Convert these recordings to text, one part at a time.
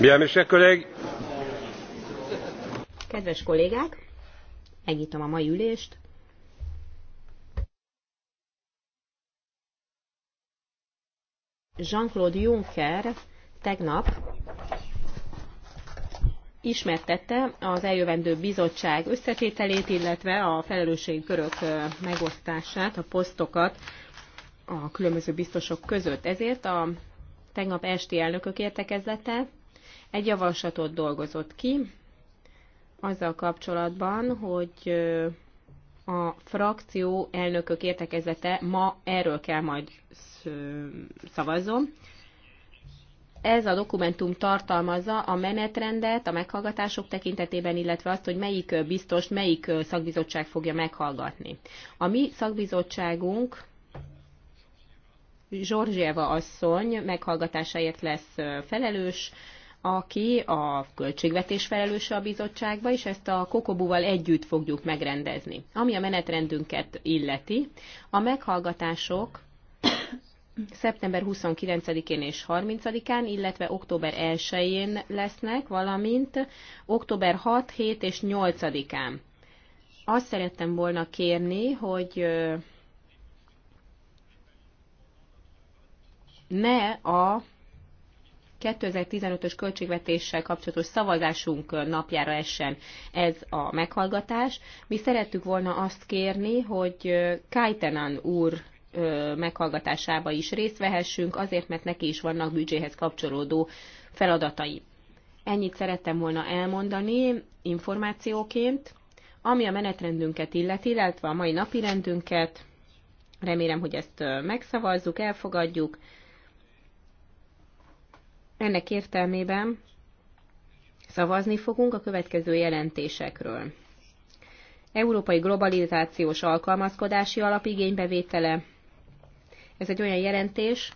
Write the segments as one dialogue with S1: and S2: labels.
S1: Bien, mes chers collègues.
S2: Kedves kollégák, megnyitom a mai ülést. Jean-Claude Juncker tegnap ismertette az eljövendő bizottság összetételét, illetve a felelősségkörök megosztását, a posztokat a különböző biztosok között. Ezért a tegnap esti elnökök értekezlete egy javaslatot dolgozott ki azzal kapcsolatban, hogy a frakció elnökök értekezete ma erről kell majd szavazom. Ez a dokumentum tartalmazza a menetrendet a meghallgatások tekintetében, illetve azt, hogy melyik biztos, melyik szakbizottság fogja meghallgatni. A mi szakbizottságunk Zsorzséva asszony meghallgatásáért lesz felelős, aki a költségvetés felelőse a bizottságba, és ezt a Kokobúval együtt fogjuk megrendezni. Ami a menetrendünket illeti, a meghallgatások szeptember 29-én és 30-án, illetve október 1-én lesznek, valamint október 6, 7 és 8-án. Azt szerettem volna kérni, hogy ne a 2015-ös költségvetéssel kapcsolatos szavazásunk napjára essen ez a meghallgatás. Mi szerettük volna azt kérni, hogy Kajtenan úr meghallgatásába is részt vehessünk, azért, mert neki is vannak büdzséhez kapcsolódó feladatai. Ennyit szerettem volna elmondani információként, ami a menetrendünket illeti, illetve a mai napi rendünket. Remélem, hogy ezt megszavazzuk, elfogadjuk. Ennek értelmében szavazni fogunk a következő jelentésekről. Európai Globalizációs Alkalmazkodási Alapigénybevétele. Ez egy olyan jelentés,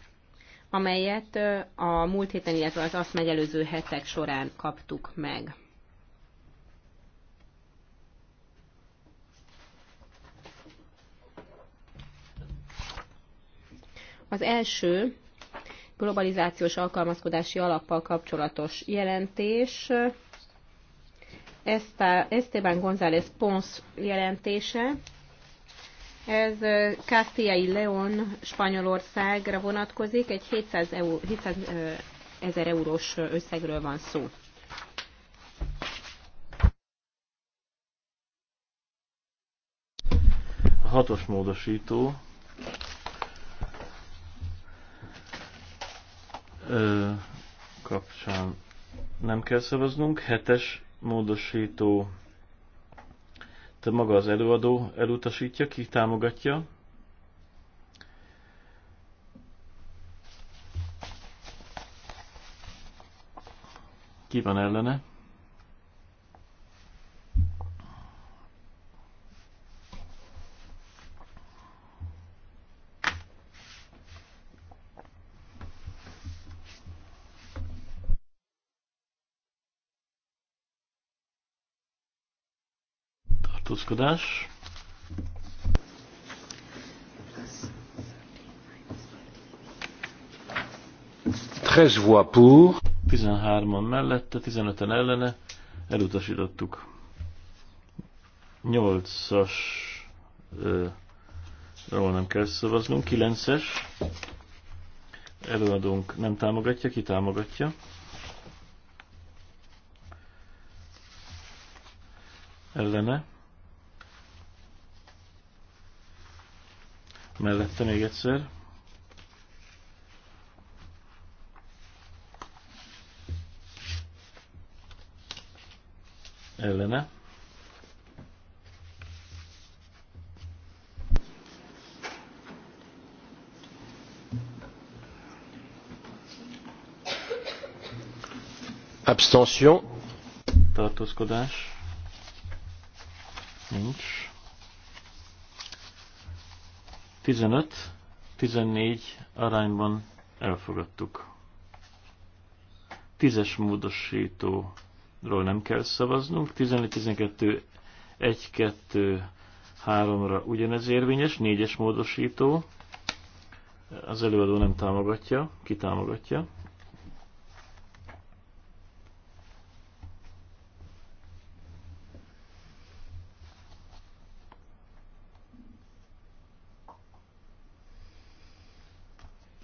S2: amelyet a múlt héten, illetve az azt megelőző hetek során kaptuk meg. Az első globalizációs alkalmazkodási alappal kapcsolatos jelentés. Esteban González Pons jelentése. Ez Castilla y León Spanyolországra vonatkozik, egy 700, eur, 700 ezer eurós összegről van szó.
S1: A hatos módosító kapcsán nem kell szavaznunk. Hetes módosító, te maga az előadó elutasítja, ki támogatja. Ki van ellene? tartózkodás. voix pour. 13-an mellette, 15-en ellene elutasítottuk. 8-as ról nem kell szavaznunk, 9-es előadónk nem támogatja, ki támogatja. Ellene mellette még egyszer. Ellene. Abstention. Tartózkodás. Nincs. 15-14 arányban elfogadtuk. Tízes módosítóról nem kell szavaznunk. 15, 1-2 3-ra ugyanez érvényes. Négyes módosító. Az előadó nem támogatja. Ki támogatja?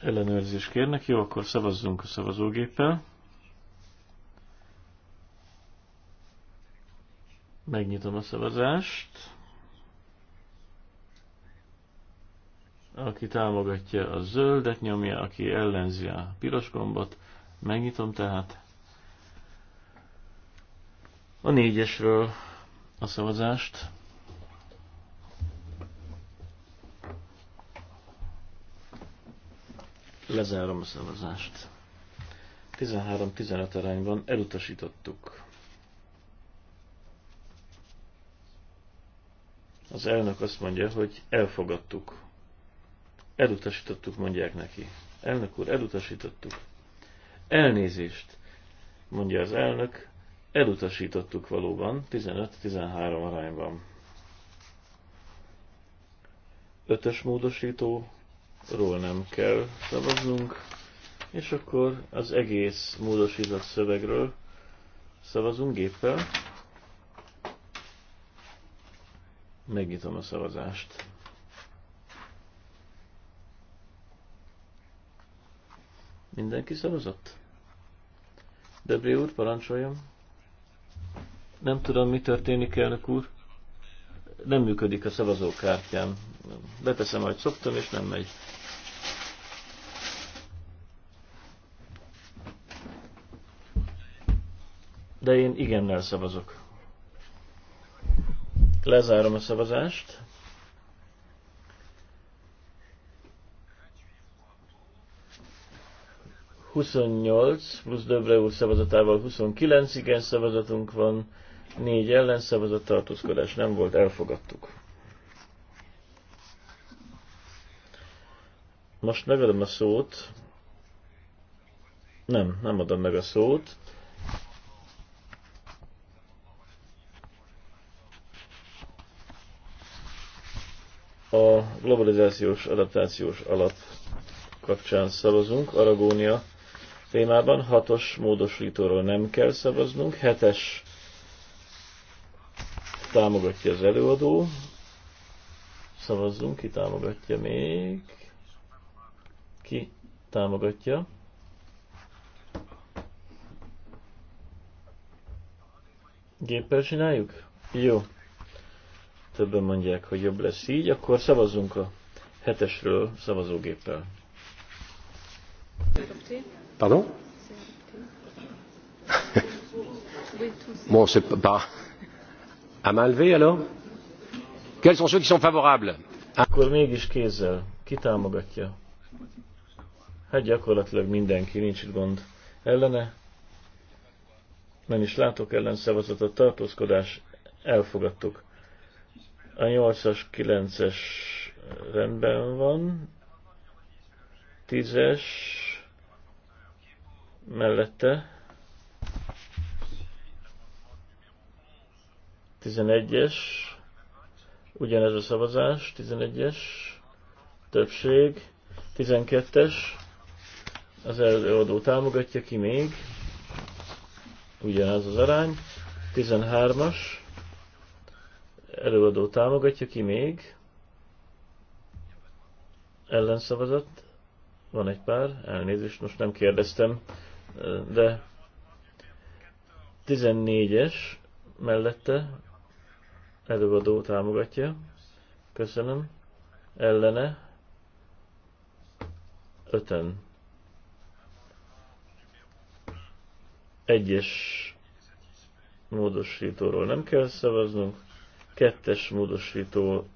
S1: ellenőrzést kérnek. Jó, akkor szavazzunk a szavazógéppel. Megnyitom a szavazást. Aki támogatja a zöldet nyomja, aki ellenzi a piros gombot. Megnyitom tehát. A négyesről a szavazást. Lezárom a szavazást. 13-15 arányban elutasítottuk. Az elnök azt mondja, hogy elfogadtuk. Elutasítottuk, mondják neki. Elnök úr, elutasítottuk. Elnézést, mondja az elnök, elutasítottuk valóban 15-13 arányban. Ötös módosító ról nem kell szavaznunk, és akkor az egész módosított szövegről szavazunk géppel. Megnyitom a szavazást. Mindenki szavazott? Debré úr, parancsoljon. Nem tudom, mi történik, elnök úr. Nem működik a szavazókártyám. Beteszem, ahogy szoktam, és nem megy. de én igennel szavazok. Lezárom a szavazást. Huszonnyolc plusz Döbre úr szavazatával 29 igen szavazatunk van, négy szavazat tartózkodás nem volt, elfogadtuk. Most megadom a szót. Nem, nem adom meg a szót. a globalizációs adaptációs alap kapcsán szavazunk, Aragónia témában, hatos módosítóról nem kell szavaznunk, hetes támogatja az előadó, szavazzunk, ki támogatja még, ki támogatja. Géppel csináljuk? Jó többen mondják, hogy jobb lesz így, akkor szavazzunk a hetesről szavazógéppel. Pardon Bon, c'est pas. À main alors Quels sont ceux qui sont favorables Akkor mégis kézzel. Ki támogatja? Hát gyakorlatilag mindenki, nincs itt gond. Ellene? Nem is látok ellen szavazatot, tartózkodás, elfogadtuk. A 8-as, 9-es rendben van. 10-es mellette. 11-es. Ugyanez a szavazás. 11-es. Többség. 12-es. Az előadó támogatja ki még. ugyanez az arány. 13-as előadó támogatja, ki még? Ellenszavazat? Van egy pár, elnézést, most nem kérdeztem, de 14-es mellette előadó támogatja. Köszönöm. Ellene öten. Egyes módosítóról nem kell szavaznunk. Kettes módosító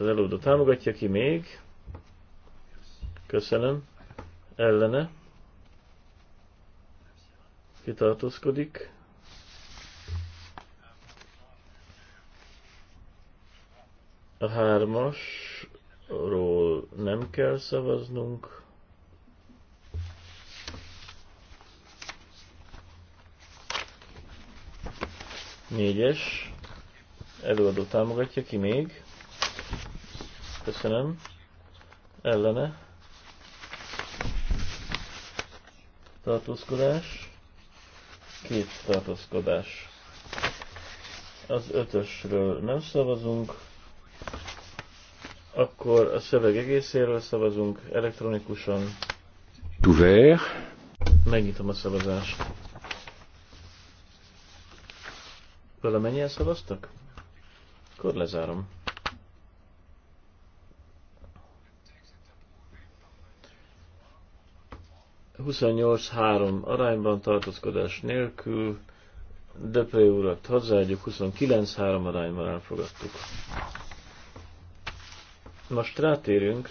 S1: az előadó támogatja ki még. Köszönöm. Ellene. Kitartózkodik. A hármasról nem kell szavaznunk. Négyes előadó támogatja, ki még? Köszönöm. Ellene. Tartózkodás. Két tartózkodás. Az ötösről nem szavazunk. Akkor a szöveg egészéről szavazunk elektronikusan. Tuver. Megnyitom a szavazást. Valamennyien szavaztak? Akkor lezárom. Huszonnyolc három arányban tartózkodás nélkül. Depré urat hozzáadjuk, 29-3 arányban elfogadtuk. Most rátérünk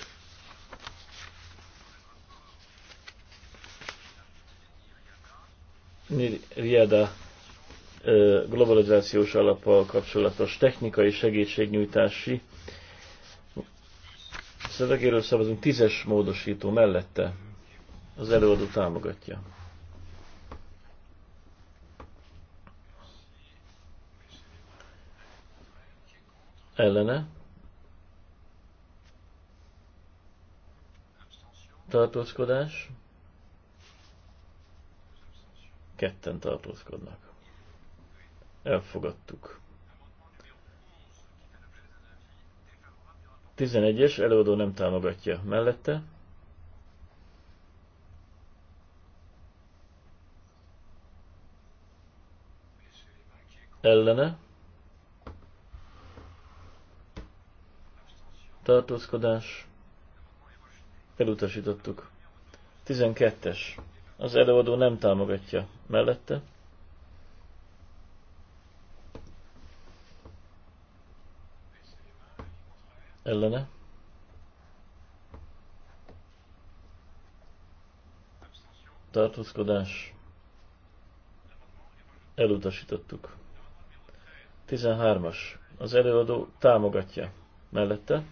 S1: Riada globalizációs alappal kapcsolatos technikai segítségnyújtási szövegéről szavazunk tízes módosító mellette. Az előadó támogatja. Ellene. Tartózkodás. Ketten tartózkodnak. Elfogadtuk. 11-es előadó nem támogatja mellette. Ellene. Tartózkodás. Elutasítottuk. 12-es. Az előadó nem támogatja mellette. ellene. Tartózkodás. Elutasítottuk. 13-as. Az előadó támogatja. Mellette.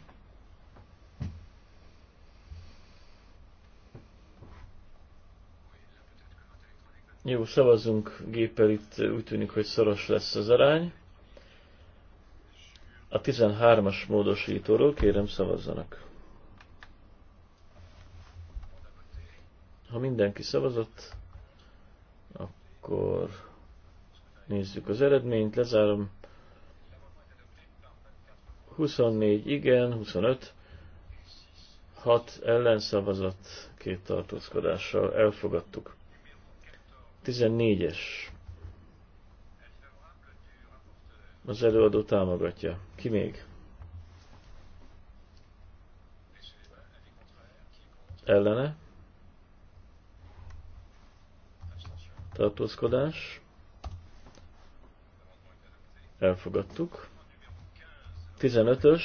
S1: Jó, szavazzunk géppel, itt úgy tűnik, hogy szoros lesz az arány. A 13-as módosítóról kérem szavazzanak. Ha mindenki szavazott, akkor nézzük az eredményt, lezárom. 24 igen, 25, 6 ellenszavazat, két tartózkodással elfogadtuk. 14-es az előadó támogatja. Ki még? Ellene? Tartózkodás? Elfogadtuk. 15-ös.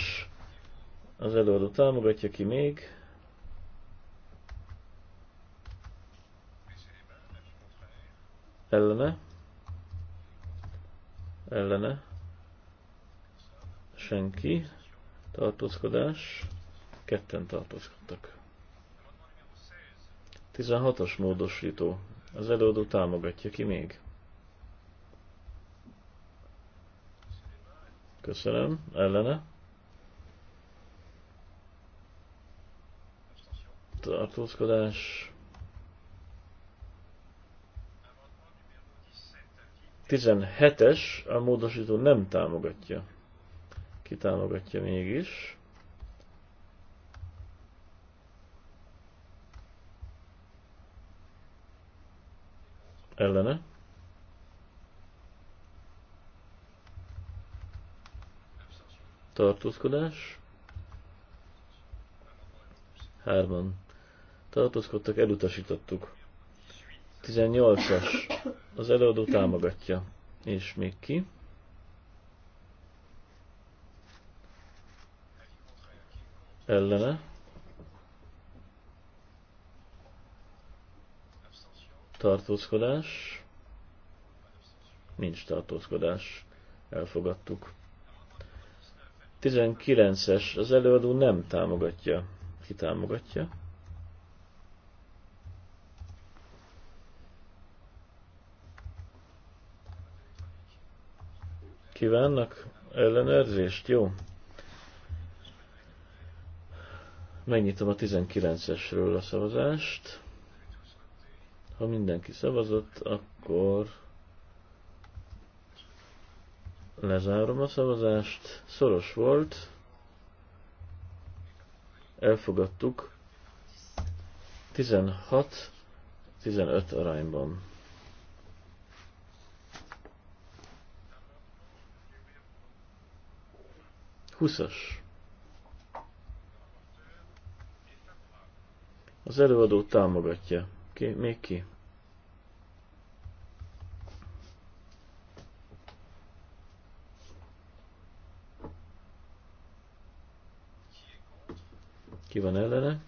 S1: Az előadó támogatja ki még. Ellene? Ellene? senki, tartózkodás, ketten tartózkodtak. 16-os módosító, az előadó támogatja ki még. Köszönöm, ellene. Tartózkodás. 17-es a módosító nem támogatja kitámogatja mégis. Ellene. Tartózkodás. Hárman. Tartózkodtak, elutasítottuk. 18-as. Az előadó támogatja. És még ki? ellene. Tartózkodás. Nincs tartózkodás. Elfogadtuk. 19-es. Az előadó nem támogatja. Ki támogatja? Kívánnak ellenőrzést? Jó. Megnyitom a 19-esről a szavazást. Ha mindenki szavazott, akkor lezárom a szavazást. Szoros volt. Elfogadtuk. 16-15 arányban. Húszas. Az előadó támogatja. Ki, még ki? Ki van ellene?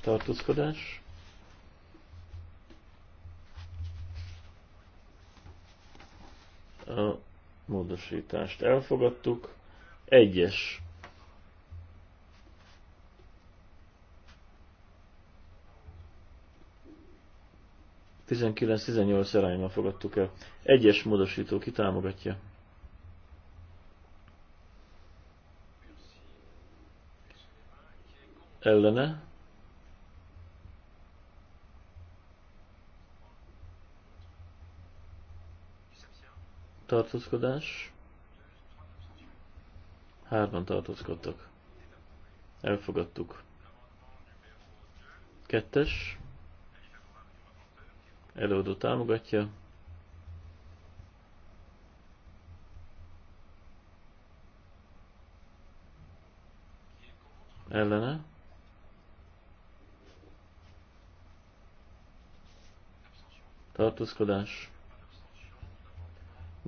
S1: Tartózkodás. a módosítást elfogadtuk. Egyes. Tizenkilenc, tizennyolc arányban fogadtuk el. Egyes módosító ki támogatja. Ellene. tartózkodás. Hárman tartózkodtak. Elfogadtuk. Kettes. Előadó támogatja. Ellene. Tartózkodás.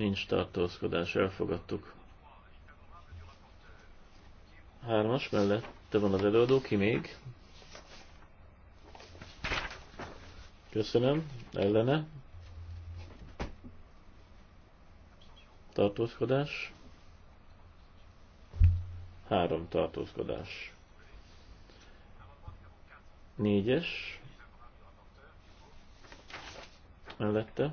S1: Nincs tartózkodás, elfogadtuk. Hármas mellette van az előadó, ki még? Köszönöm, ellene. Tartózkodás. Három tartózkodás. Négyes. Mellette.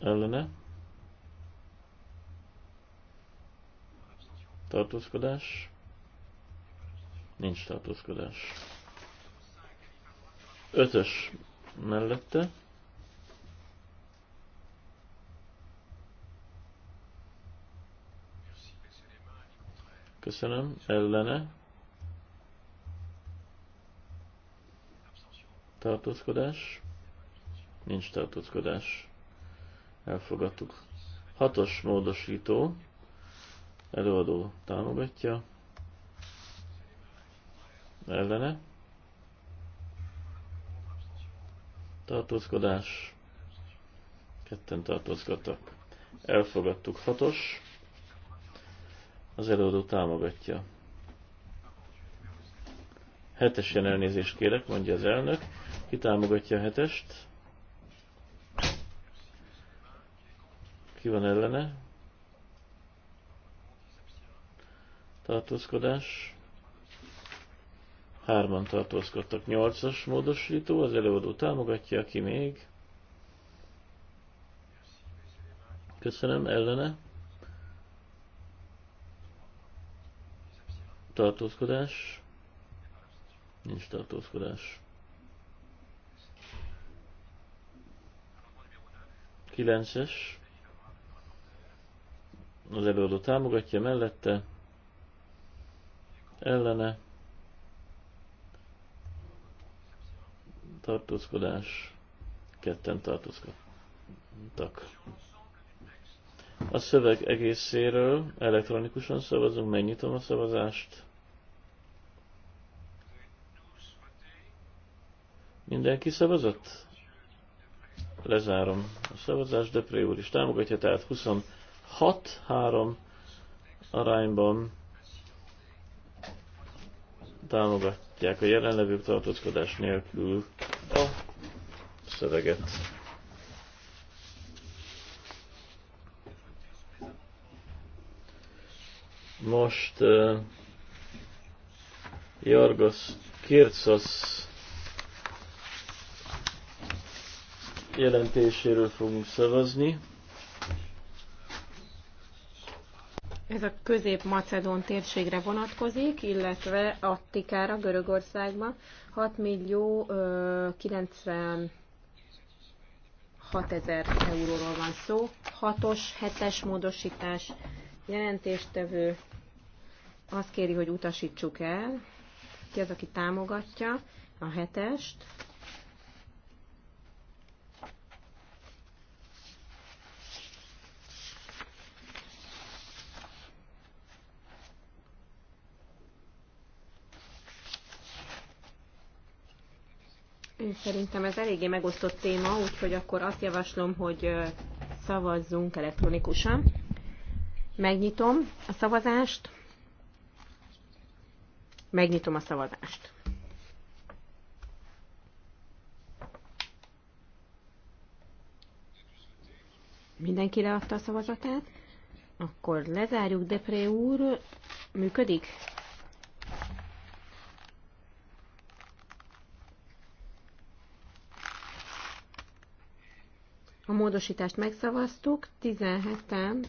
S1: ellene tartózkodás nincs tartózkodás ötös mellette köszönöm ellene tartózkodás nincs tartózkodás Elfogadtuk. Hatos módosító. Előadó támogatja. Ellene. Tartózkodás. Ketten tartózkodtak. Elfogadtuk. Hatos. Az előadó támogatja. Hetesen elnézést kérek, mondja az elnök. Ki támogatja a hetest? Ki van ellene? Tartózkodás. Hárman tartózkodtak. Nyolcas módosító, az előadó támogatja, aki még? Köszönöm, ellene. Tartózkodás. Nincs tartózkodás. 9-es az előadó támogatja mellette, ellene, tartózkodás, ketten tartózkodtak. A szöveg egészéről elektronikusan szavazunk, megnyitom a szavazást. Mindenki szavazott? Lezárom a szavazást, de úr is támogatja, tehát 20 6-3 arányban támogatják a jelenlevők tartózkodás nélkül a szöveget. Most uh, Jorgos Kircos jelentéséről fogunk szavazni.
S2: Ez a közép-macedón térségre vonatkozik, illetve Attikára, Görögországba 6 millió 96 ezer euróról van szó. 6-os, 7-es módosítás jelentéstevő azt kéri, hogy utasítsuk el. Ki az, aki támogatja a hetest? Én szerintem ez eléggé megosztott téma, úgyhogy akkor azt javaslom, hogy szavazzunk elektronikusan. Megnyitom a szavazást. Megnyitom a szavazást. Mindenki leadta a szavazatát. Akkor lezárjuk, Depré úr. Működik? A módosítást megszavaztuk, 17-en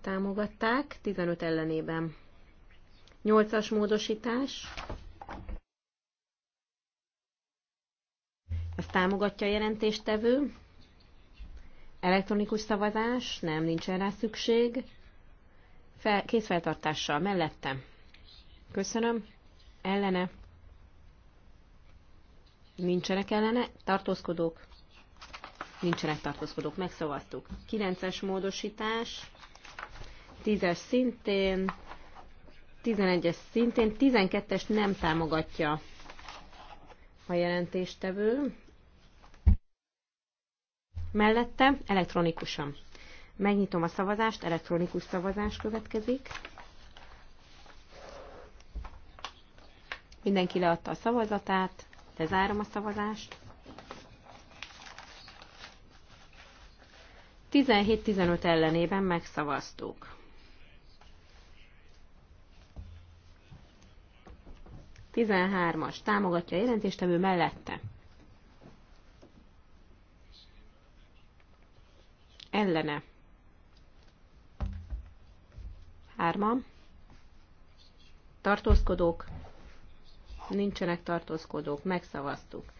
S2: támogatták, 15 ellenében. 8-as módosítás. Ez támogatja a jelentéstevő. Elektronikus szavazás, nem, nincs rá szükség. Fel, készfeltartással mellette. Köszönöm. Ellene. Nincsenek ellene. Tartózkodók nincsenek tartózkodók, megszavaztuk. 9-es módosítás, 10-es szintén, 11-es szintén, 12-es nem támogatja a jelentéstevő. Mellette elektronikusan. Megnyitom a szavazást, elektronikus szavazás következik. Mindenki leadta a szavazatát, lezárom a szavazást. 17-15 ellenében megszavaztuk. Tizenhármas. támogatja a jelentéstevő mellette. Ellene. Hárman. Tartózkodók. Nincsenek tartózkodók. Megszavaztuk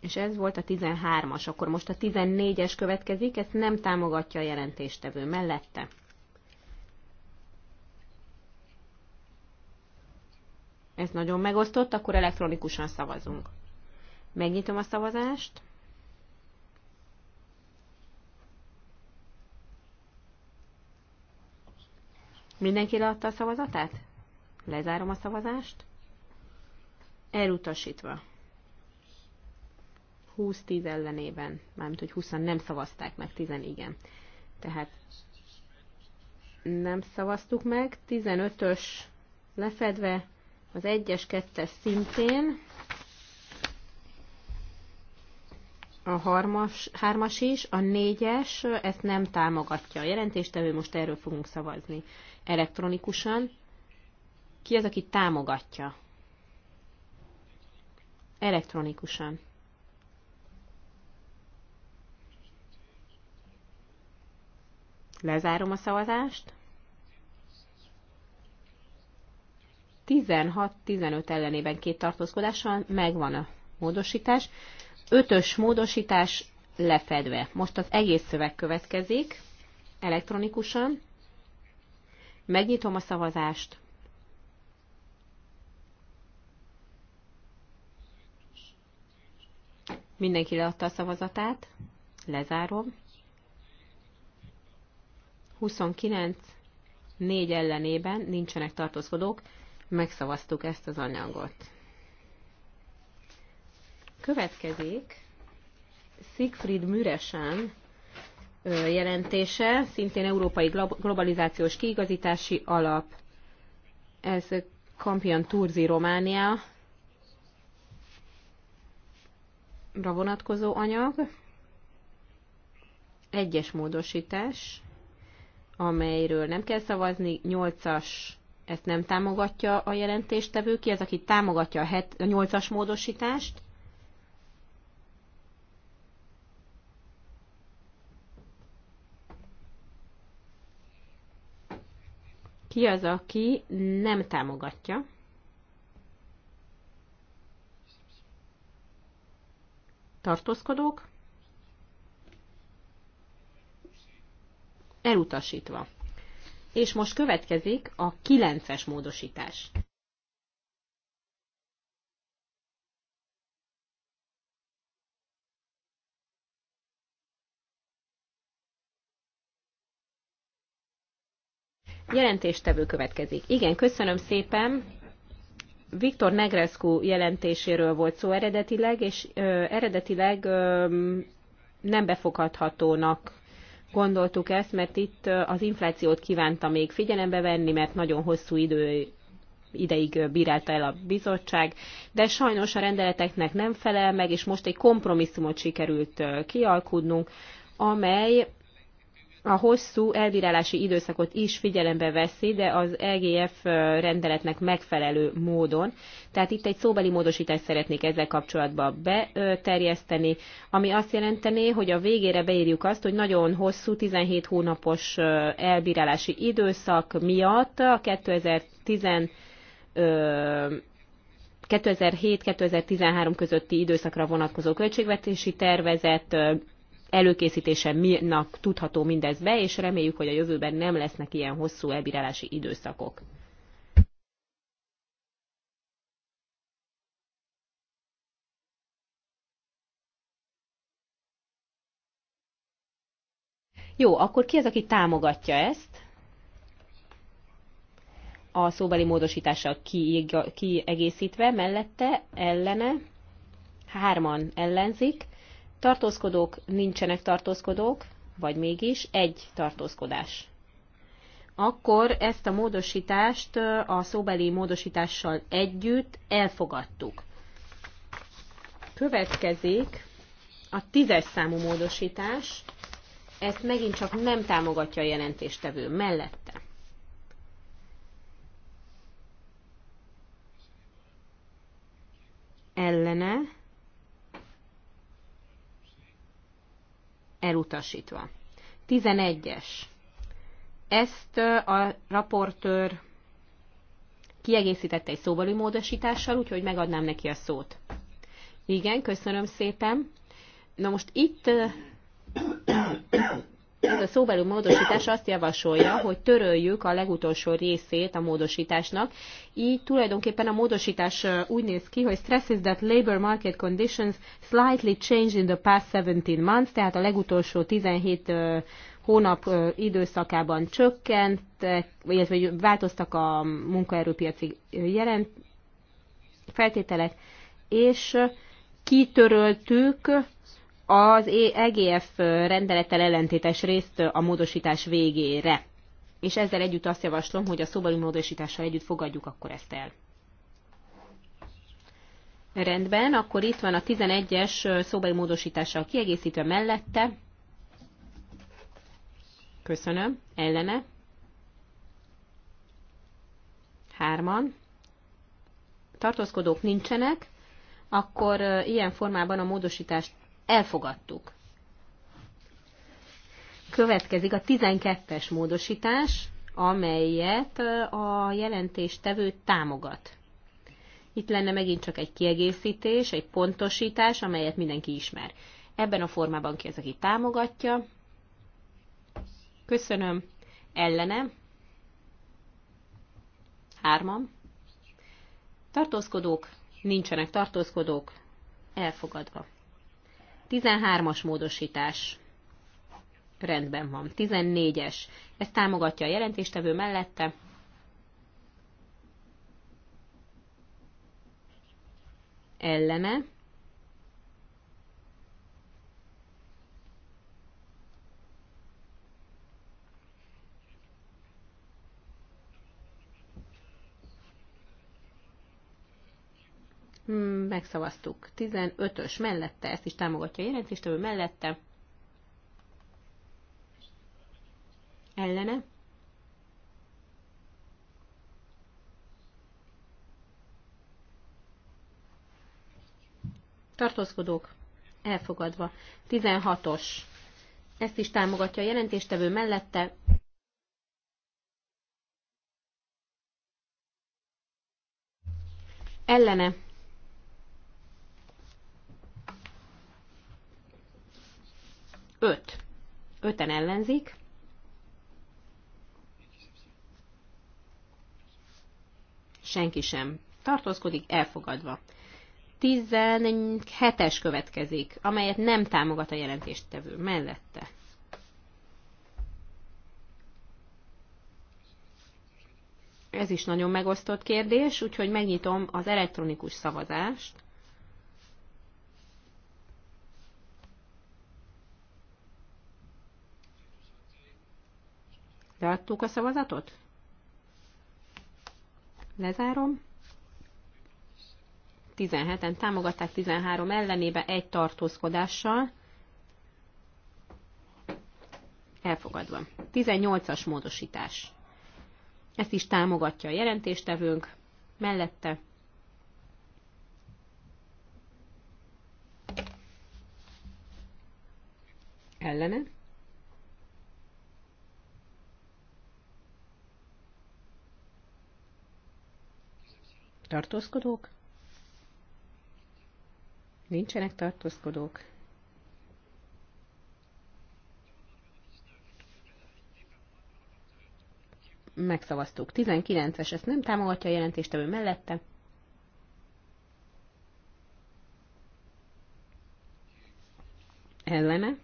S2: és ez volt a 13-as, akkor most a 14-es következik, ezt nem támogatja a jelentéstevő mellette. Ez nagyon megosztott, akkor elektronikusan szavazunk. Megnyitom a szavazást. Mindenki leadta a szavazatát? Lezárom a szavazást. Elutasítva. 20-10 ellenében, mármint hogy 20 nem szavazták meg, 10 igen. Tehát nem szavaztuk meg, 15-ös lefedve, az 1-es, 2-es szintén, a harmas, hármas is, a négyes ezt nem támogatja a jelentéstevő, most erről fogunk szavazni elektronikusan. Ki az, aki támogatja? Elektronikusan. Lezárom a szavazást. 16-15 ellenében két tartózkodással megvan a módosítás. Ötös módosítás lefedve. Most az egész szöveg következik elektronikusan. Megnyitom a szavazást. Mindenki leadta a szavazatát. Lezárom. 29 négy ellenében nincsenek tartózkodók, megszavaztuk ezt az anyagot. Következik Siegfried Müresen jelentése, szintén Európai Globalizációs Kiigazítási Alap, ez Campion Turzi Románia vonatkozó anyag, egyes módosítás, amelyről nem kell szavazni, 8-as ezt nem támogatja a jelentéstevő, ki az, aki támogatja a, het, a 8-as módosítást, ki az, aki nem támogatja. Tartózkodók. elutasítva. És most következik a 9-es módosítás. Jelentéstevő következik. Igen, köszönöm szépen. Viktor Negrescu jelentéséről volt szó eredetileg, és ö, eredetileg ö, nem befogadhatónak gondoltuk ezt, mert itt az inflációt kívánta még figyelembe venni, mert nagyon hosszú idő ideig bírálta el a bizottság, de sajnos a rendeleteknek nem felel meg, és most egy kompromisszumot sikerült kialkudnunk, amely a hosszú elbírálási időszakot is figyelembe veszi, de az EGF rendeletnek megfelelő módon. Tehát itt egy szóbeli módosítást szeretnék ezzel kapcsolatban beterjeszteni, ami azt jelenteni, hogy a végére beírjuk azt, hogy nagyon hosszú 17 hónapos elbírálási időszak miatt a 2010 2007-2013 közötti időszakra vonatkozó költségvetési tervezet előkészítése minak tudható mindez be, és reméljük, hogy a jövőben nem lesznek ilyen hosszú elbírálási időszakok. Jó, akkor ki az, aki támogatja ezt? A szóbeli módosítással kiegészítve, mellette, ellene, hárman ellenzik, Tartózkodók nincsenek tartózkodók, vagy mégis egy tartózkodás. Akkor ezt a módosítást a szóbeli módosítással együtt elfogadtuk. Következik a tízes számú módosítás, ezt megint csak nem támogatja a jelentéstevő mellette. Ellene elutasítva. 11-es. Ezt a raportőr kiegészítette egy szóbeli módosítással, úgyhogy megadnám neki a szót. Igen, köszönöm szépen. Na most itt ez a szóbeli módosítás azt javasolja, hogy töröljük a legutolsó részét a módosításnak. Így tulajdonképpen a módosítás úgy néz ki, hogy stresses that labor market conditions slightly changed in the past 17 months, tehát a legutolsó 17 hónap időszakában csökkent, illetve változtak a munkaerőpiaci jelent feltételek, és kitöröltük az EGF rendelettel ellentétes részt a módosítás végére. És ezzel együtt azt javaslom, hogy a szobali módosítással együtt fogadjuk akkor ezt el. Rendben, akkor itt van a 11-es szobai módosítással kiegészítve mellette. Köszönöm. Ellene. Hárman. Tartózkodók nincsenek. Akkor ilyen formában a módosítást Elfogadtuk. Következik a 12-es módosítás, amelyet eh, a jelentéstevő támogat. Itt lenne megint csak egy kiegészítés, egy pontosítás, amelyet mindenki ismer. Ebben a formában ki az, aki támogatja. Köszönöm. Ellenem. Hárman. Tartózkodók. Nincsenek tartózkodók. Elfogadva. 13-as módosítás. Rendben van. 14-es. Ezt támogatja a jelentéstevő mellette. Ellene. Hmm, megszavaztuk. 15-ös mellette, ezt is támogatja a jelentést, jelentéstevő mellette. Ellene. Tartózkodók. Elfogadva. 16-os. Ezt is támogatja a jelentéstevő mellette. Ellene 5. Öten ellenzik. Senki sem tartózkodik, elfogadva. 17-es következik, amelyet nem támogat a jelentéstevő mellette. Ez is nagyon megosztott kérdés, úgyhogy megnyitom az elektronikus szavazást. Leadtuk a szavazatot? Lezárom. 17-en támogatták 13 ellenébe egy tartózkodással. Elfogadva. 18-as módosítás. Ezt is támogatja a jelentéstevőnk. Mellette ellene Tartózkodók? Nincsenek tartózkodók. Megszavaztuk. 19-es, ezt nem támogatja a ő mellette. Ellene.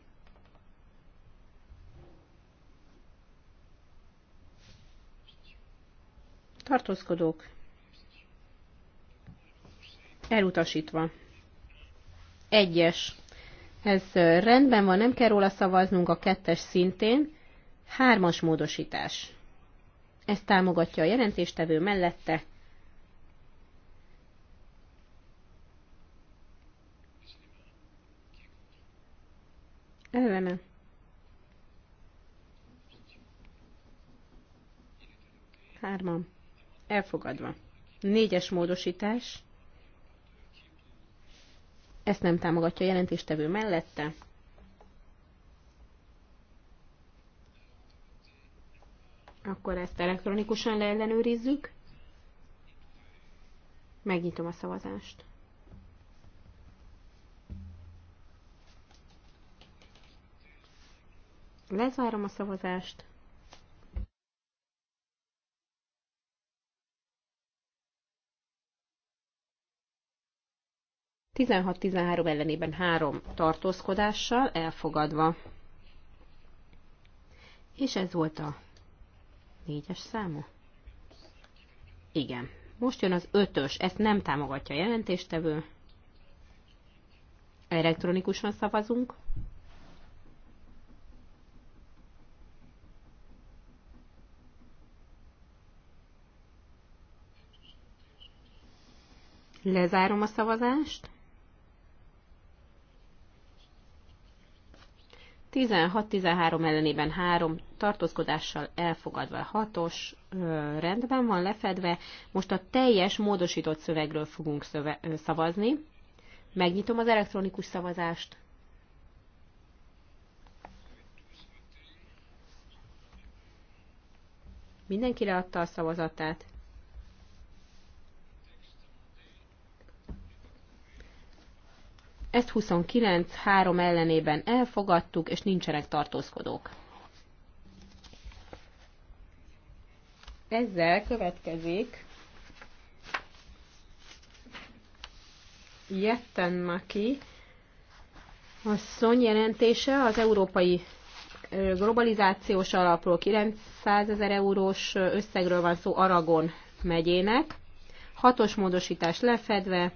S2: Tartózkodók. Elutasítva. Egyes. Ez rendben van, nem kell róla szavaznunk, a kettes szintén. Hármas módosítás. Ezt támogatja a jelentéstevő mellette. Ellene. Hárman. Elfogadva. Négyes módosítás. Ezt nem támogatja a jelentéstevő mellette. Akkor ezt elektronikusan leellenőrizzük. Megnyitom a szavazást. Lezárom a szavazást. 16-13 ellenében 3 tartózkodással elfogadva. És ez volt a négyes számú? Igen. Most jön az ötös, ezt nem támogatja a jelentéstevő. Elektronikusan szavazunk. Lezárom a szavazást. 16-13 ellenében 3 tartózkodással elfogadva 6-os rendben van lefedve. Most a teljes módosított szövegről fogunk szöve, ö, szavazni. Megnyitom az elektronikus szavazást. Mindenki leadta a szavazatát. Ezt 29-3 ellenében elfogadtuk, és nincsenek tartózkodók. Ezzel következik Jetten Maki asszony jelentése az európai globalizációs alapról 900 ezer eurós összegről van szó Aragon megyének. Hatos módosítás lefedve,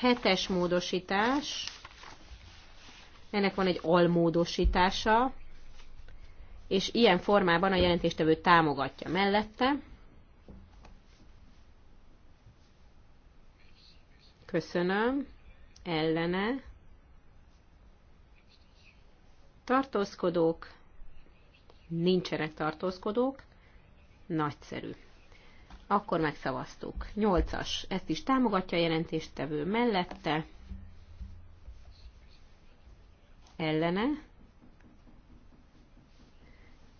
S2: Hetes módosítás. Ennek van egy almódosítása, és ilyen formában a jelentéstevő támogatja mellette. Köszönöm. Ellene. Tartózkodók. Nincsenek tartózkodók. Nagyszerű. Akkor megszavaztuk. 8-as, ezt is támogatja a jelentéstevő mellette. Ellene.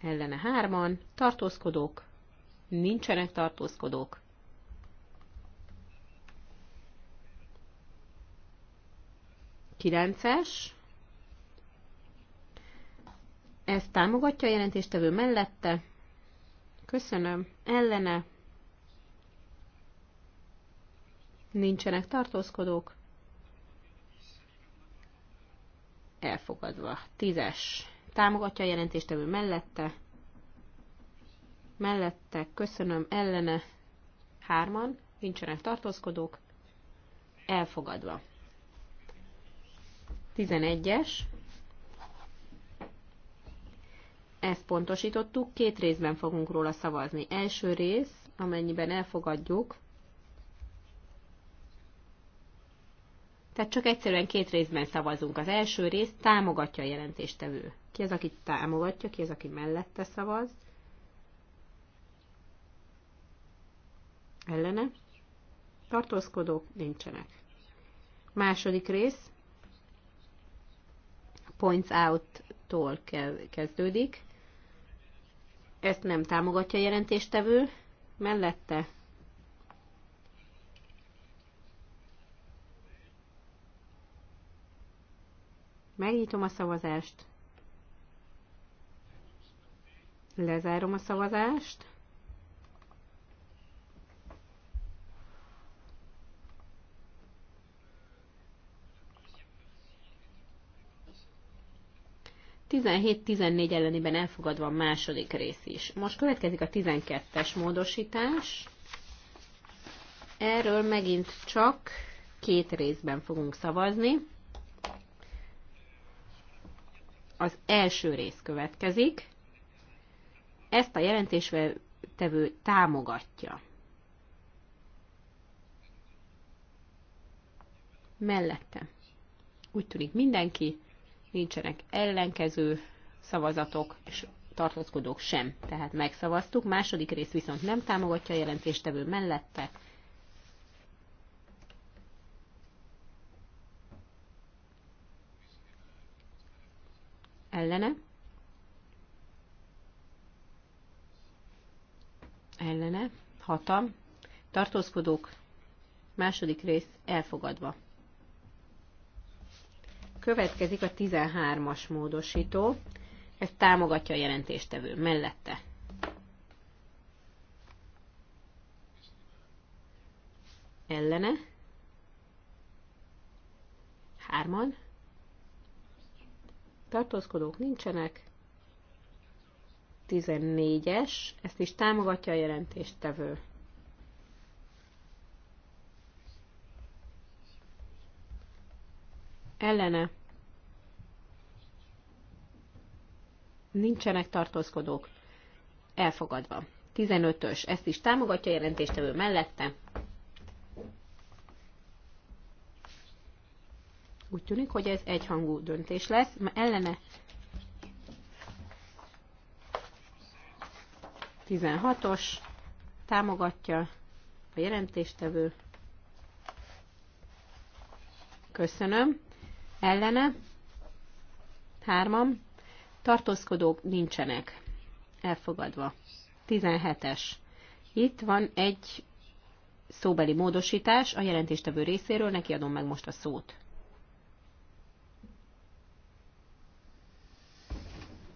S2: Ellene hárman. Tartózkodók. Nincsenek tartózkodók. Kilences. Ezt támogatja a jelentéstevő mellette. Köszönöm. Ellene Nincsenek tartózkodók. Elfogadva. Tízes. Támogatja a jelentéstevő mellette. Mellette. Köszönöm. Ellene. Hárman. Nincsenek tartózkodók. Elfogadva. Tizenegyes. Ezt pontosítottuk. Két részben fogunk róla szavazni. Első rész, amennyiben elfogadjuk, Tehát csak egyszerűen két részben szavazunk. Az első rész támogatja a jelentéstevő. Ki az, aki támogatja, ki az, aki mellette szavaz. Ellene. Tartózkodók nincsenek. Második rész. Points out-tól kezdődik. Ezt nem támogatja a jelentéstevő. Mellette Megnyitom a szavazást. Lezárom a szavazást. Tizenhét 14 ellenében elfogadva a második rész is. Most következik a 12-es módosítás. Erről megint csak két részben fogunk szavazni. Az első rész következik. Ezt a jelentéstevő támogatja. Mellette. Úgy tűnik mindenki, nincsenek ellenkező szavazatok, és tartózkodók sem. Tehát megszavaztuk. Második rész viszont nem támogatja a jelentéstevő mellette. ellene, ellene, hatam, tartózkodók, második rész elfogadva. Következik a 13-as módosító, ez támogatja a jelentéstevő mellette. Ellene, hárman, tartózkodók nincsenek. 14-es, ezt is támogatja a jelentéstevő. Ellene nincsenek tartózkodók. Elfogadva. 15-ös, ezt is támogatja a jelentéstevő mellette. Úgy tűnik, hogy ez egyhangú döntés lesz. mert ellene 16-os támogatja a jelentéstevő. Köszönöm. Ellene hárman. Tartózkodók nincsenek. Elfogadva. 17-es. Itt van egy szóbeli módosítás a jelentéstevő részéről, neki adom meg most a szót.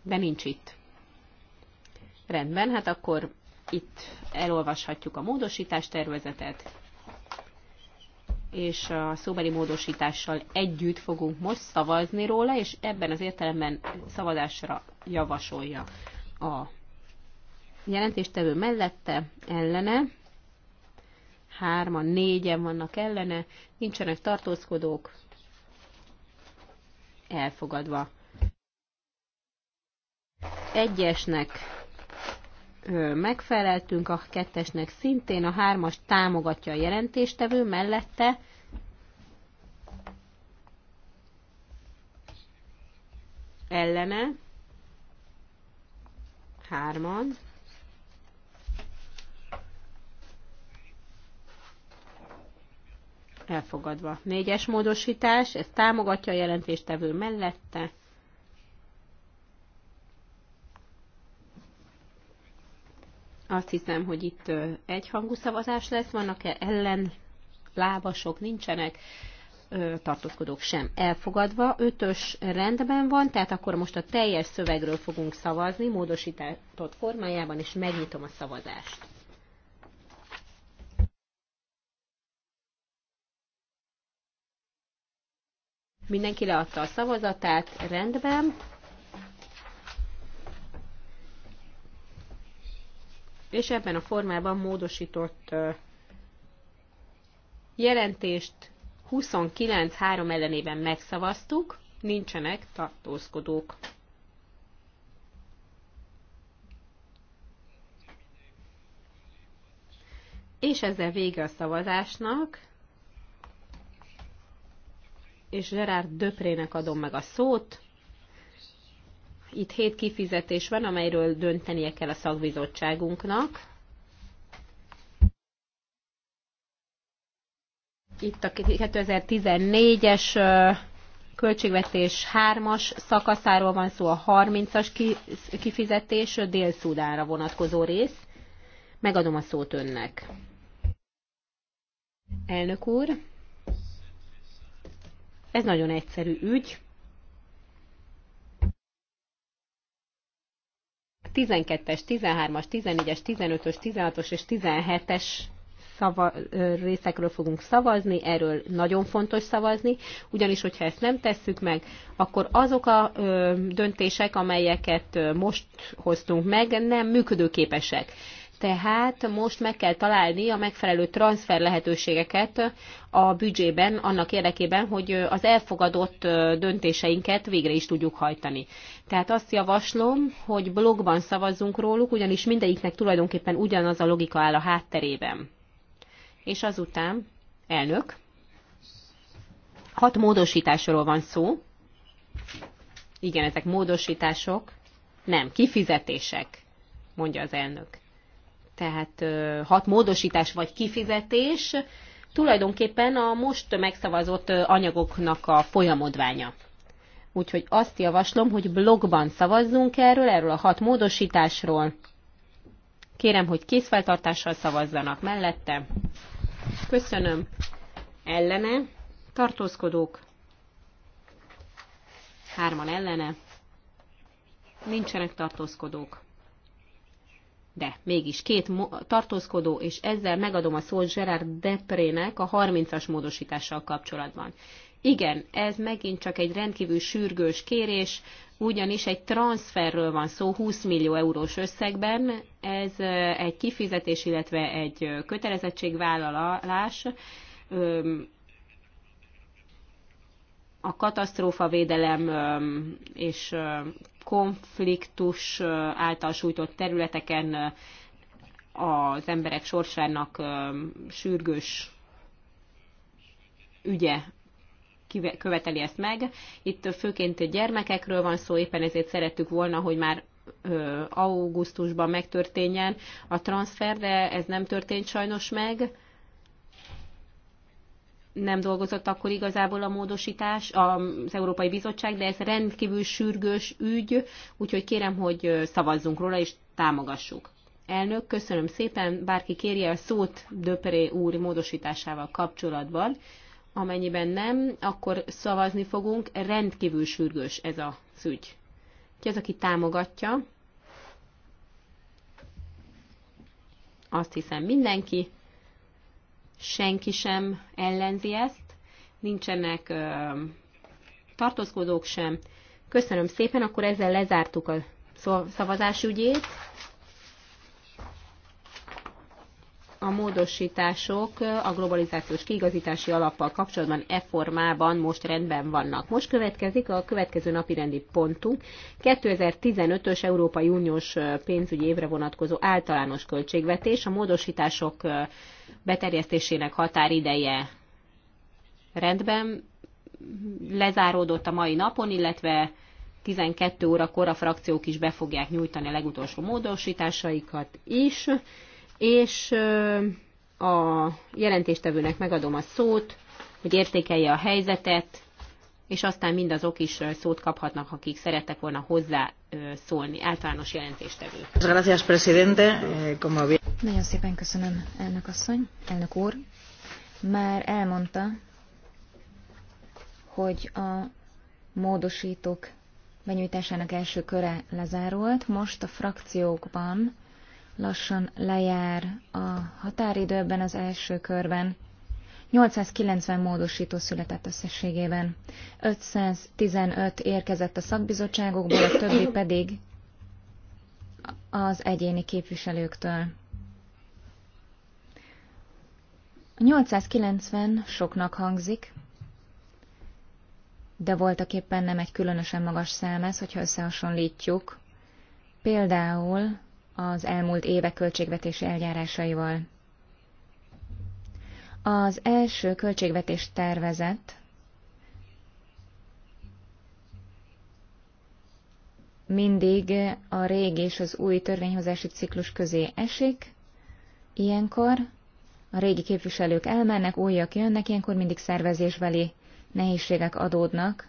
S2: de nincs itt. Rendben, hát akkor itt elolvashatjuk a módosítás tervezetet, és a szóbeli módosítással együtt fogunk most szavazni róla, és ebben az értelemben szavazásra javasolja a jelentéstevő mellette, ellene, hárman, négyen vannak ellene, nincsenek tartózkodók, elfogadva egyesnek megfeleltünk, a kettesnek szintén, a hármas támogatja a jelentéstevő mellette, ellene, hárman, elfogadva. Négyes módosítás, ez támogatja a jelentéstevő mellette, Azt hiszem, hogy itt egyhangú szavazás lesz. Vannak-e ellen lábasok, nincsenek tartózkodók sem elfogadva. Ötös rendben van, tehát akkor most a teljes szövegről fogunk szavazni, módosított formájában, és megnyitom a szavazást. Mindenki leadta a szavazatát, rendben. és ebben a formában módosított jelentést 29-3 ellenében megszavaztuk, nincsenek tartózkodók. És ezzel vége a szavazásnak, és Gerard Döprének adom meg a szót. Itt hét kifizetés van, amelyről döntenie kell a szakbizottságunknak. Itt a 2014-es költségvetés 3-as szakaszáról van szó, a 30-as kifizetés Dél-Szudánra vonatkozó rész. Megadom a szót önnek. Elnök úr, ez nagyon egyszerű ügy. 12-es, 13-as, 14-es, 15-ös, 16-os és 17-es szava, részekről fogunk szavazni, erről nagyon fontos szavazni, ugyanis, hogyha ezt nem tesszük meg, akkor azok a ö, döntések, amelyeket most hoztunk meg, nem működőképesek. Tehát most meg kell találni a megfelelő transfer lehetőségeket a büdzsében annak érdekében, hogy az elfogadott döntéseinket végre is tudjuk hajtani. Tehát azt javaslom, hogy blogban szavazzunk róluk, ugyanis mindegyiknek tulajdonképpen ugyanaz a logika áll a hátterében. És azután, elnök, hat módosításról van szó. Igen, ezek módosítások. Nem, kifizetések, mondja az elnök tehát hat módosítás vagy kifizetés tulajdonképpen a most megszavazott anyagoknak a folyamodványa. Úgyhogy azt javaslom, hogy blogban szavazzunk erről, erről a hat módosításról. Kérem, hogy készfeltartással szavazzanak mellette. Köszönöm. Ellene. Tartózkodók. Hárman ellene. Nincsenek tartózkodók de mégis két tartózkodó, és ezzel megadom a szót Gerard Deprének a 30-as módosítással kapcsolatban. Igen, ez megint csak egy rendkívül sürgős kérés, ugyanis egy transferről van szó 20 millió eurós összegben, ez egy kifizetés, illetve egy kötelezettségvállalás a katasztrófavédelem és konfliktus által sújtott területeken az emberek sorsának sürgős ügye követeli ezt meg. Itt főként gyermekekről van szó, éppen ezért szerettük volna, hogy már augusztusban megtörténjen a transfer, de ez nem történt sajnos meg nem dolgozott akkor igazából a módosítás, az Európai Bizottság, de ez rendkívül sürgős ügy, úgyhogy kérem, hogy szavazzunk róla és támogassuk. Elnök, köszönöm szépen, bárki kérje a szót Döperé úr módosításával kapcsolatban. Amennyiben nem, akkor szavazni fogunk, rendkívül sürgős ez a ügy. Ki az, aki támogatja? Azt hiszem mindenki senki sem ellenzi ezt, nincsenek ö, tartózkodók sem. Köszönöm szépen, akkor ezzel lezártuk a szavazási ügyét. a módosítások a globalizációs kiigazítási alappal kapcsolatban e formában most rendben vannak. Most következik a következő napi rendi pontunk, 2015-ös Európai Uniós pénzügyi évre vonatkozó általános költségvetés, a módosítások beterjesztésének határideje rendben lezáródott a mai napon, illetve 12 órakor a frakciók is be fogják nyújtani a legutolsó módosításaikat is és a jelentéstevőnek megadom a szót, hogy értékelje a helyzetet, és aztán mindazok is szót kaphatnak, akik szerettek volna hozzá szólni. Általános jelentéstevő. Gracias,
S3: presidente. Eh, Nagyon szépen köszönöm, elnök asszony, elnök úr. Már elmondta, hogy a módosítók benyújtásának első köre lezárult. Most a frakciókban lassan lejár a határidőben az első körben. 890 módosító született összességében. 515 érkezett a szakbizottságokból, a többi pedig az egyéni képviselőktől. A 890 soknak hangzik, de voltak éppen nem egy különösen magas szám ez, hogyha összehasonlítjuk. Például az elmúlt évek költségvetési eljárásaival. Az első költségvetés tervezet mindig a régi és az új törvényhozási ciklus közé esik. Ilyenkor a régi képviselők elmennek, újak jönnek, ilyenkor mindig szervezésbeli nehézségek adódnak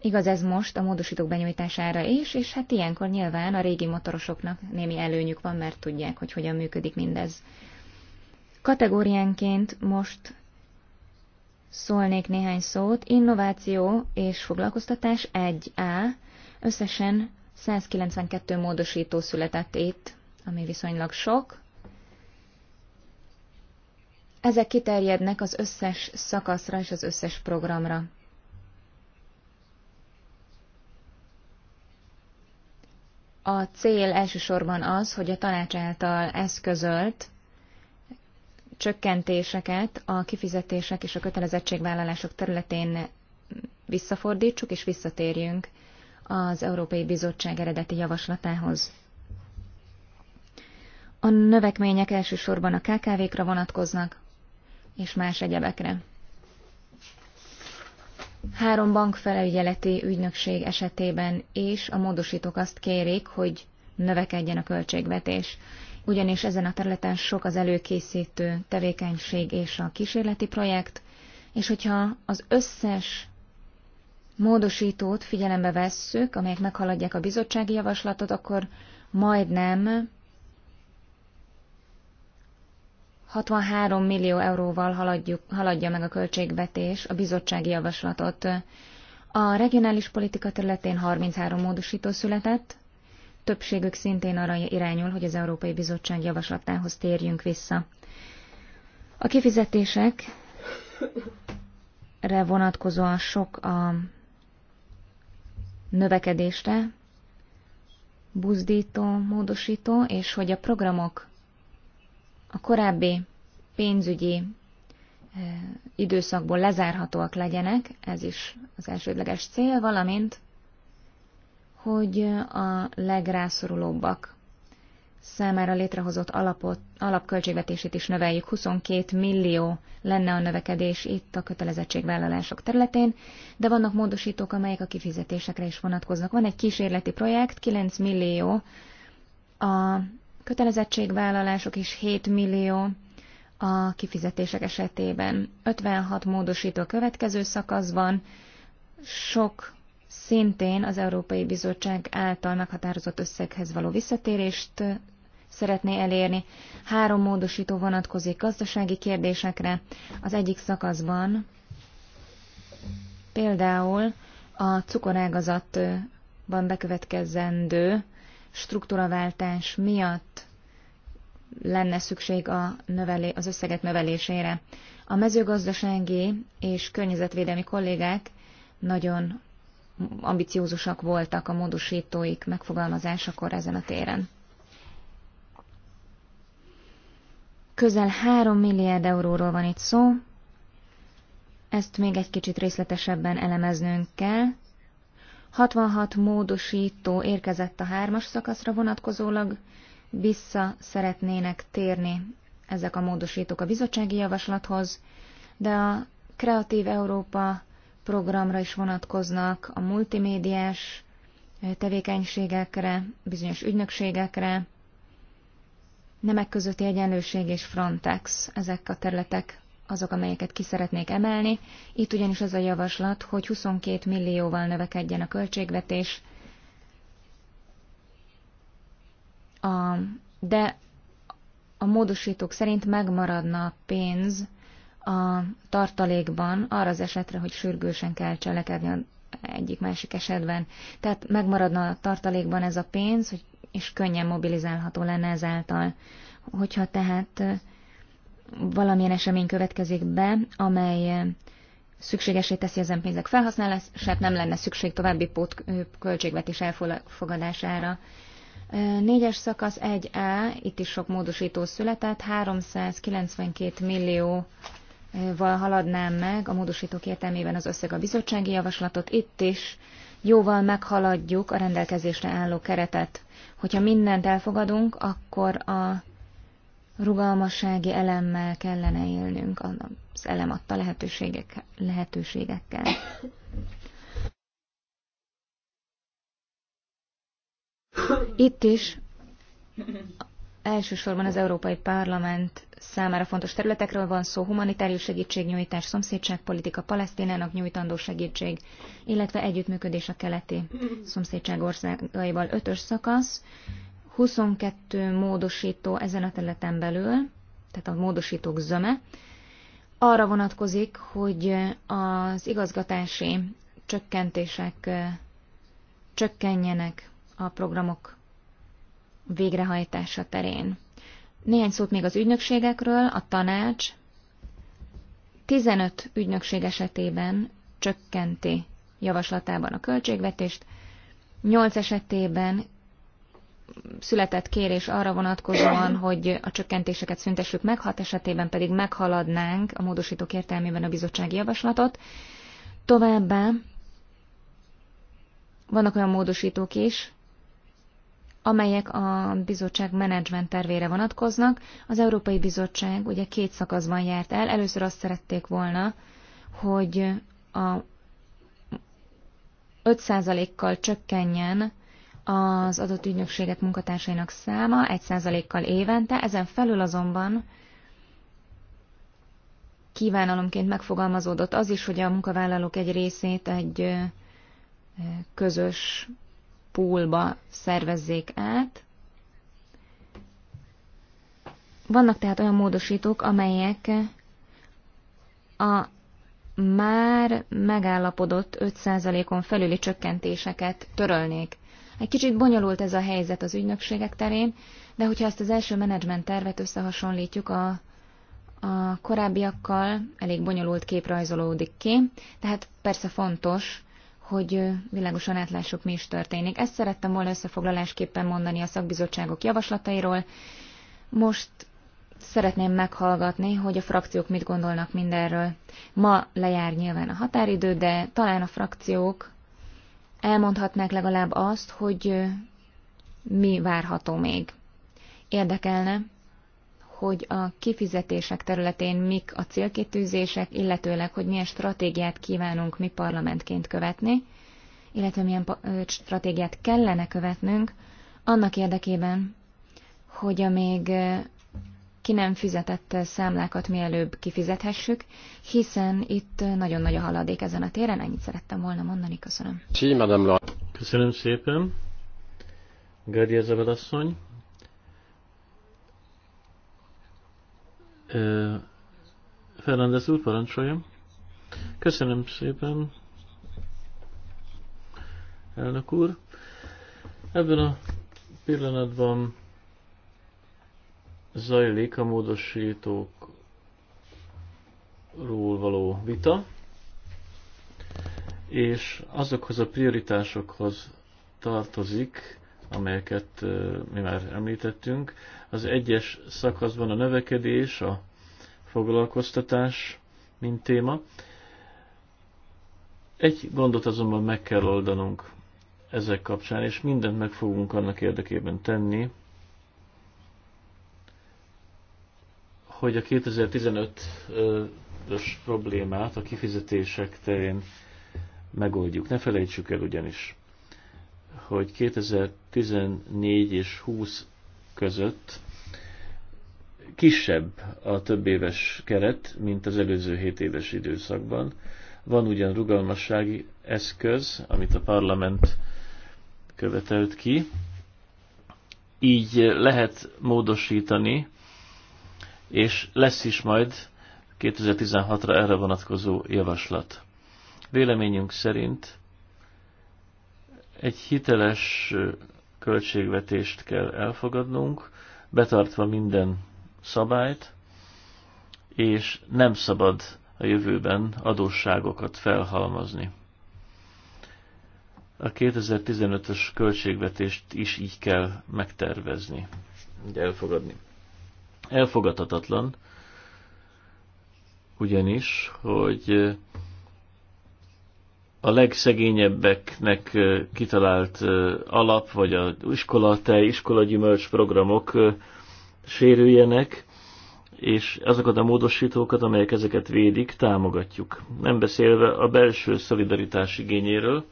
S3: Igaz ez most a módosítók benyújtására is, és hát ilyenkor nyilván a régi motorosoknak némi előnyük van, mert tudják, hogy hogyan működik mindez. Kategóriánként most szólnék néhány szót. Innováció és foglalkoztatás 1A. Összesen 192 módosító született itt, ami viszonylag sok. Ezek kiterjednek az összes szakaszra és az összes programra. A cél elsősorban az, hogy a tanács által eszközölt csökkentéseket a kifizetések és a kötelezettségvállalások területén visszafordítsuk és visszatérjünk az Európai Bizottság eredeti javaslatához. A növekmények elsősorban a KKV-kra vonatkoznak, és más egyebekre. Három bankfelügyeleti ügynökség esetében is a módosítók azt kérik, hogy növekedjen a költségvetés, ugyanis ezen a területen sok az előkészítő tevékenység és a kísérleti projekt, és hogyha az összes módosítót figyelembe vesszük, amelyek meghaladják a bizottsági javaslatot, akkor majdnem 63 millió euróval haladjuk, haladja meg a költségvetés a bizottsági javaslatot. A regionális politika területén 33 módosító született, többségük szintén arra irányul, hogy az Európai Bizottság javaslatához térjünk vissza. A kifizetésekre vonatkozóan sok a növekedésre buzdító, módosító, és hogy a programok a korábbi pénzügyi eh, időszakból lezárhatóak legyenek, ez is az elsődleges cél, valamint, hogy a legrászorulóbbak számára létrehozott alapot, alapköltségvetését is növeljük. 22 millió lenne a növekedés itt a kötelezettségvállalások területén, de vannak módosítók, amelyek a kifizetésekre is vonatkoznak. Van egy kísérleti projekt, 9 millió a kötelezettségvállalások is 7 millió a kifizetések esetében. 56 módosító következő szakaszban, sok szintén az Európai Bizottság által meghatározott összeghez való visszatérést szeretné elérni. Három módosító vonatkozik gazdasági kérdésekre. Az egyik szakaszban például a cukorágazatban bekövetkezendő struktúraváltás miatt lenne szükség a növelé, az összegek növelésére. A mezőgazdasági és környezetvédelmi kollégák nagyon ambiciózusak voltak a módosítóik megfogalmazásakor ezen a téren. Közel 3 milliárd euróról van itt szó, ezt még egy kicsit részletesebben elemeznünk kell. 66 módosító érkezett a hármas szakaszra vonatkozólag, vissza szeretnének térni ezek a módosítók a bizottsági javaslathoz, de a Kreatív Európa programra is vonatkoznak a multimédiás eh, tevékenységekre, bizonyos ügynökségekre, nemek közötti egyenlőség és Frontex, ezek a területek azok, amelyeket ki szeretnék emelni. Itt ugyanis az a javaslat, hogy 22 millióval növekedjen a költségvetés, a, de a módosítók szerint megmaradna a pénz a tartalékban arra az esetre, hogy sürgősen kell cselekedni egyik-másik esetben. Tehát megmaradna a tartalékban ez a pénz, hogy, és könnyen mobilizálható lenne ezáltal. Hogyha tehát valamilyen esemény következik be, amely szükségesé teszi ezen pénzek felhasználását, nem lenne szükség további pótköltségvetés elfogadására. Négyes szakasz 1A, itt is sok módosító született, 392 millió val haladnám meg a módosítók értelmében az összeg a bizottsági javaslatot, itt is jóval meghaladjuk a rendelkezésre álló keretet. Hogyha mindent elfogadunk, akkor a rugalmassági elemmel kellene élnünk, az elem adta lehetőségek, lehetőségekkel. Itt is elsősorban az Európai Parlament számára fontos területekről van szó, humanitárius segítségnyújtás, szomszédságpolitika, Palesztinának nyújtandó segítség, illetve együttműködés a keleti szomszédság országaival ötös szakasz, 22 módosító ezen a területen belül, tehát a módosítók zöme, arra vonatkozik, hogy az igazgatási csökkentések csökkenjenek a programok végrehajtása terén. Néhány szót még az ügynökségekről, a tanács 15 ügynökség esetében csökkenti javaslatában a költségvetést, 8 esetében született kérés arra vonatkozóan, hogy a csökkentéseket szüntessük meg, 6 esetében pedig meghaladnánk a módosítók értelmében a bizottsági javaslatot. Továbbá vannak olyan módosítók is, amelyek a bizottság menedzsment tervére vonatkoznak. Az Európai Bizottság ugye két szakaszban járt el. Először azt szerették volna, hogy a 5%-kal csökkenjen az adott ügynökségek munkatársainak száma 1%-kal évente, ezen felül azonban kívánalomként megfogalmazódott az is, hogy a munkavállalók egy részét egy közös poolba szervezzék át. Vannak tehát olyan módosítók, amelyek a már megállapodott 5%-on felüli csökkentéseket törölnék. Egy kicsit bonyolult ez a helyzet az ügynökségek terén, de hogyha ezt az első menedzsment tervet összehasonlítjuk a, a korábbiakkal, elég bonyolult kép rajzolódik ki, tehát persze fontos hogy világosan átlássuk, mi is történik. Ezt szerettem volna összefoglalásképpen mondani a szakbizottságok javaslatairól. Most szeretném meghallgatni, hogy a frakciók mit gondolnak mindenről. Ma lejár nyilván a határidő, de talán a frakciók elmondhatnák legalább azt, hogy mi várható még. Érdekelne, hogy a kifizetések területén mik a célkitűzések, illetőleg, hogy milyen stratégiát kívánunk mi parlamentként követni, illetve milyen stratégiát kellene követnünk, annak érdekében, hogy a még ki nem fizetett számlákat mielőbb kifizethessük, hiszen itt nagyon nagy a haladék ezen a téren, ennyit szerettem volna mondani, köszönöm.
S1: Köszönöm szépen. Gerdi Ezebel asszony. Fernández úr, parancsoljon. Köszönöm szépen, elnök úr. Ebben a pillanatban zajlik a módosítókról való vita, és azokhoz a prioritásokhoz tartozik amelyeket mi már említettünk. Az egyes szakaszban a növekedés, a foglalkoztatás, mint téma. Egy gondot azonban meg kell oldanunk ezek kapcsán, és mindent meg fogunk annak érdekében tenni, hogy a 2015-ös problémát a kifizetések terén megoldjuk. Ne felejtsük el ugyanis hogy 2014 és 20 között kisebb a több éves keret, mint az előző 7 éves időszakban. Van ugyan rugalmassági eszköz, amit a parlament követelt ki, így lehet módosítani, és lesz is majd 2016-ra erre vonatkozó javaslat. Véleményünk szerint egy hiteles költségvetést kell elfogadnunk, betartva minden szabályt, és nem szabad a jövőben adósságokat felhalmozni. A 2015-ös költségvetést is így kell megtervezni, elfogadni. Elfogadhatatlan, ugyanis, hogy a legszegényebbeknek kitalált alap, vagy a iskola, te iskola gyümölcs programok sérüljenek, és azokat a módosítókat, amelyek ezeket védik, támogatjuk. Nem beszélve a belső szolidaritás igényéről,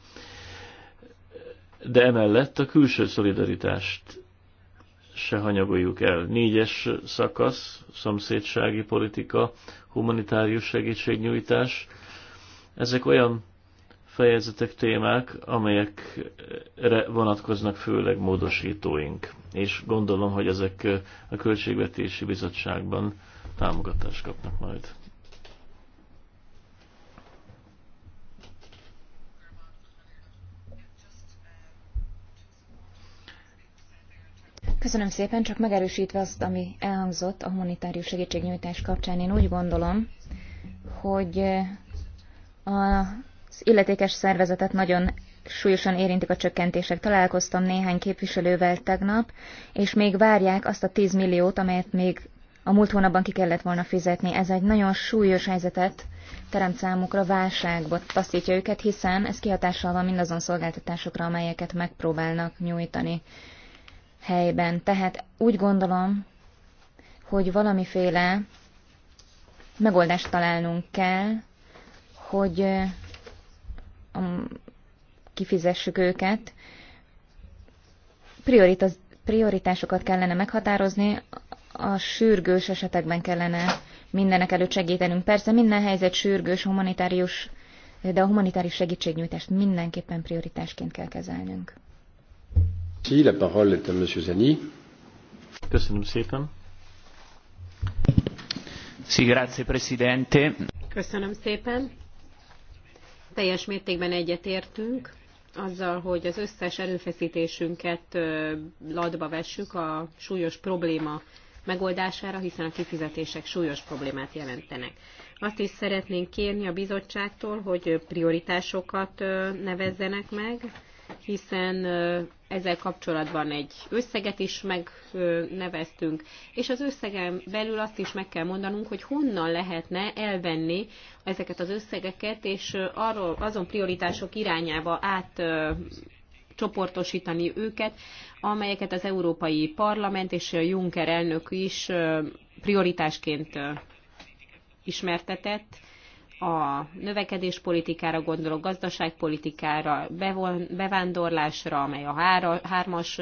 S1: de emellett a külső szolidaritást se hanyagoljuk el. Négyes szakasz, szomszédsági politika, humanitárius segítségnyújtás, ezek olyan fejezetek, témák, amelyekre vonatkoznak főleg módosítóink. És gondolom, hogy ezek a Költségvetési Bizottságban támogatást kapnak majd.
S3: Köszönöm szépen, csak megerősítve azt, ami elhangzott a humanitárius segítségnyújtás kapcsán, én úgy gondolom, hogy a illetékes szervezetet nagyon súlyosan érintik a csökkentések. Találkoztam néhány képviselővel tegnap, és még várják azt a 10 milliót, amelyet még a múlt hónapban ki kellett volna fizetni. Ez egy nagyon súlyos helyzetet teremt számukra, válságba taszítja őket, hiszen ez kihatással van mindazon szolgáltatásokra, amelyeket megpróbálnak nyújtani helyben. Tehát úgy gondolom, hogy valamiféle megoldást találnunk kell, hogy kifizessük őket. Prioritaz, prioritásokat kellene meghatározni, a sürgős esetekben kellene mindenek előtt segítenünk. Persze minden helyzet sürgős, humanitárius, de a humanitárius segítségnyújtást mindenképpen prioritásként kell kezelnünk.
S1: Köszönöm szépen. Sí, grazie, Presidente.
S2: Köszönöm szépen teljes mértékben egyetértünk azzal, hogy az összes erőfeszítésünket ladba vessük a súlyos probléma megoldására, hiszen a kifizetések súlyos problémát jelentenek. Azt is szeretnénk kérni a bizottságtól, hogy prioritásokat nevezzenek meg, hiszen ezzel kapcsolatban egy összeget is megneveztünk, és az összegen belül azt is meg kell mondanunk, hogy honnan lehetne elvenni ezeket az összegeket, és arról, azon prioritások irányába át csoportosítani őket, amelyeket az Európai Parlament és a Juncker elnök is prioritásként ismertetett, a növekedéspolitikára gondolok, gazdaságpolitikára, bevándorlásra, amely a hármas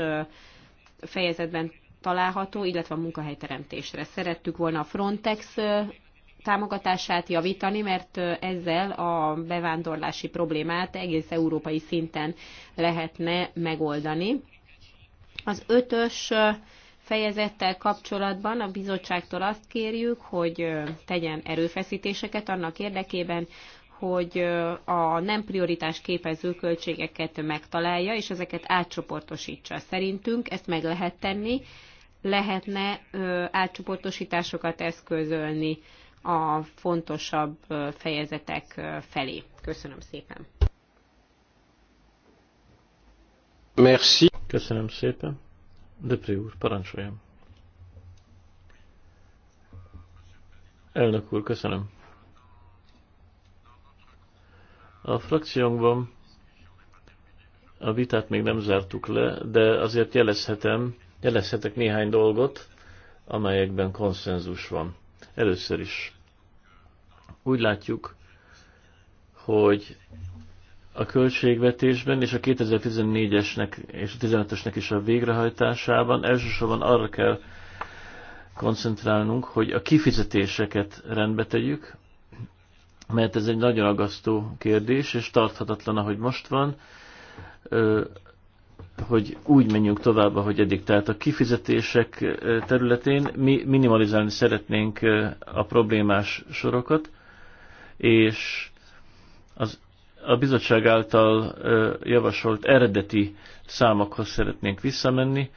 S2: fejezetben található, illetve a munkahelyteremtésre. Szerettük volna a Frontex támogatását javítani, mert ezzel a bevándorlási problémát egész európai szinten lehetne megoldani. Az ötös fejezettel kapcsolatban a bizottságtól azt kérjük, hogy tegyen erőfeszítéseket annak érdekében, hogy a nem prioritás képező költségeket megtalálja, és ezeket átcsoportosítsa. Szerintünk ezt meg lehet tenni, lehetne átcsoportosításokat eszközölni a fontosabb fejezetek felé. Köszönöm szépen.
S1: Merci. Köszönöm szépen. Döpré úr, parancsoljam. Elnök úr, köszönöm. A frakciónkban a vitát még nem zártuk le, de azért jelezhetem, jelezhetek néhány dolgot, amelyekben konszenzus van. Először is úgy látjuk, hogy a költségvetésben és a 2014-esnek és a 2015-ösnek is a végrehajtásában elsősorban arra kell koncentrálnunk, hogy a kifizetéseket rendbe tegyük, mert ez egy nagyon agasztó kérdés, és tarthatatlan, ahogy most van, hogy úgy menjünk tovább, ahogy eddig. Tehát a kifizetések területén mi minimalizálni szeretnénk a problémás sorokat, és a bizottság által javasolt eredeti számokhoz szeretnénk visszamenni,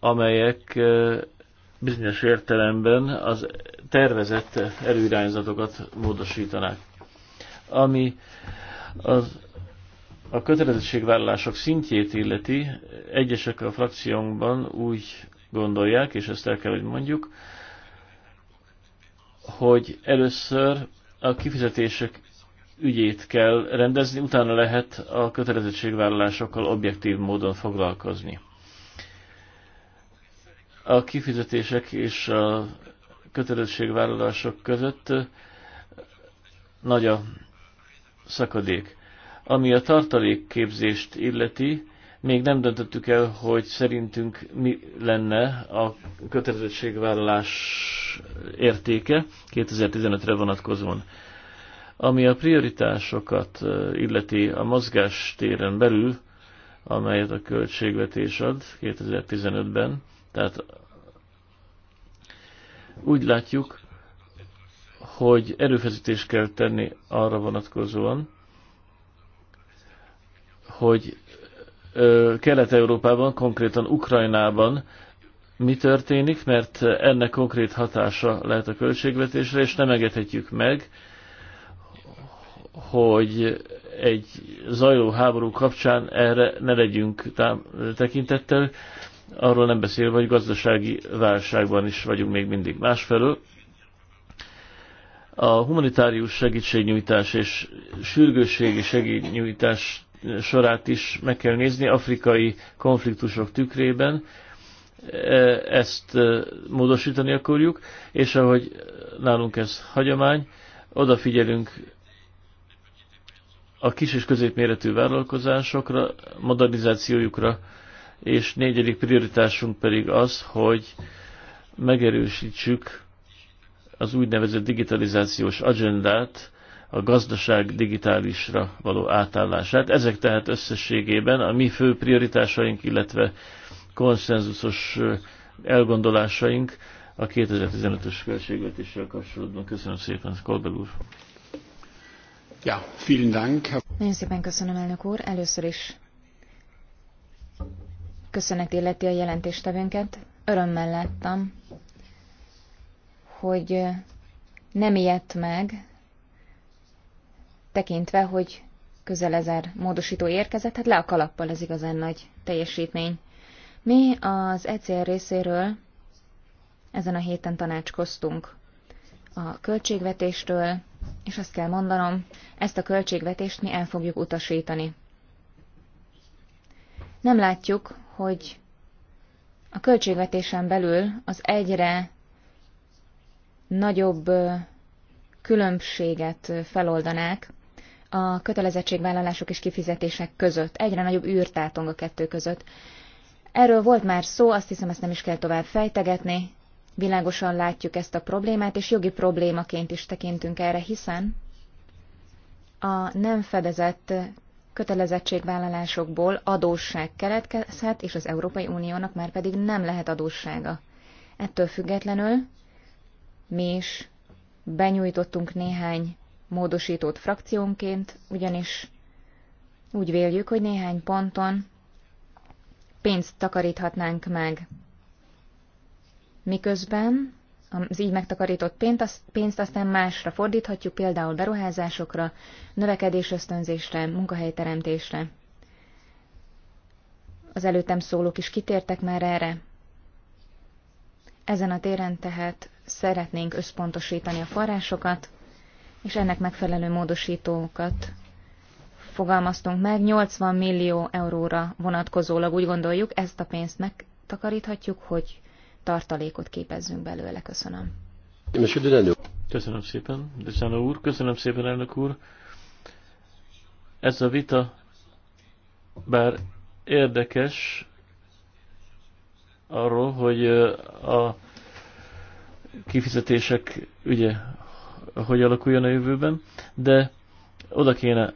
S1: amelyek bizonyos értelemben az tervezett előirányzatokat módosítanák. Ami az, a kötelezettségvállalások szintjét illeti, egyesek a frakciónkban úgy gondolják, és ezt el kell, hogy mondjuk, hogy először a kifizetések ügyét kell rendezni, utána lehet a kötelezettségvállalásokkal objektív módon foglalkozni. A kifizetések és a kötelezettségvállalások között nagy a szakadék. Ami a tartalékképzést illeti, még nem döntöttük el, hogy szerintünk mi lenne a kötelezettségvállalás értéke 2015-re vonatkozóan. Ami a prioritásokat illeti a mozgástéren belül, amelyet a költségvetés ad 2015-ben, tehát úgy látjuk, hogy erőfeszítést kell tenni arra vonatkozóan, hogy Kelet-Európában, konkrétan Ukrajnában mi történik, mert ennek konkrét hatása lehet a költségvetésre, és nem engedhetjük meg, hogy egy zajló háború kapcsán erre ne legyünk tekintettel, arról nem beszélve, hogy gazdasági válságban is vagyunk még mindig. Másfelől a humanitárius segítségnyújtás és sürgősségi segítségnyújtás sorát is meg kell nézni afrikai konfliktusok tükrében, e, ezt e, módosítani akarjuk, és ahogy nálunk ez hagyomány, odafigyelünk a kis és középméretű vállalkozásokra, modernizációjukra, és négyedik prioritásunk pedig az, hogy megerősítsük az úgynevezett digitalizációs agendát, a gazdaság digitálisra való átállását. Ezek tehát összességében a mi fő prioritásaink, illetve konszenzusos elgondolásaink a 2015-ös költségvetéssel kapcsolatban. Köszönöm szépen, Kolbel úr! Ja, vielen Dank.
S3: Nagyon szépen köszönöm, elnök úr. Először is köszönet illeti a jelentéstevőnket. Örömmel láttam, hogy nem ijedt meg, tekintve, hogy közel ezer módosító érkezett, hát le a kalappal ez igazán nagy teljesítmény. Mi az ECR részéről ezen a héten tanácskoztunk a költségvetéstől, és azt kell mondanom, ezt a költségvetést mi el fogjuk utasítani. Nem látjuk, hogy a költségvetésen belül az egyre nagyobb különbséget feloldanák a kötelezettségvállalások és kifizetések között. Egyre nagyobb űrtátong a kettő között. Erről volt már szó, azt hiszem ezt nem is kell tovább fejtegetni. Világosan látjuk ezt a problémát, és jogi problémaként is tekintünk erre, hiszen a nem fedezett kötelezettségvállalásokból adósság keletkezhet, és az Európai Uniónak már pedig nem lehet adóssága. Ettől függetlenül mi is benyújtottunk néhány módosítót frakciónként, ugyanis úgy véljük, hogy néhány ponton pénzt takaríthatnánk meg miközben az így megtakarított pénzt aztán másra fordíthatjuk, például beruházásokra, növekedés ösztönzésre, munkahelyteremtésre. Az előttem szólók is kitértek már erre. Ezen a téren tehát szeretnénk összpontosítani a forrásokat, és ennek megfelelő módosítókat fogalmaztunk meg. 80 millió euróra vonatkozólag úgy gondoljuk, ezt a pénzt megtakaríthatjuk, hogy tartalékot képezzünk belőle. Köszönöm.
S1: Köszönöm szépen, Dezsánó úr. Köszönöm szépen, elnök úr. Ez a vita, bár érdekes arról, hogy a kifizetések ugye, hogy alakuljon a jövőben, de oda kéne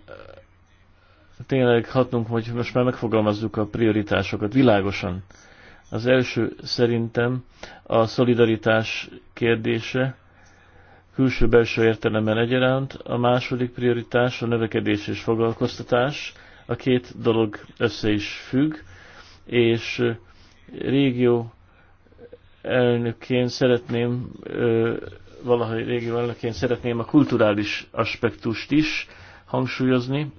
S1: tényleg hatnunk, hogy most már megfogalmazzuk a prioritásokat világosan. Az első szerintem a szolidaritás kérdése, külső-belső értelemben egyaránt, a második prioritás a növekedés és foglalkoztatás, a két dolog össze is függ, és régió elnökként szeretném, valahogy régió elnökként szeretném a kulturális aspektust is hangsúlyozni,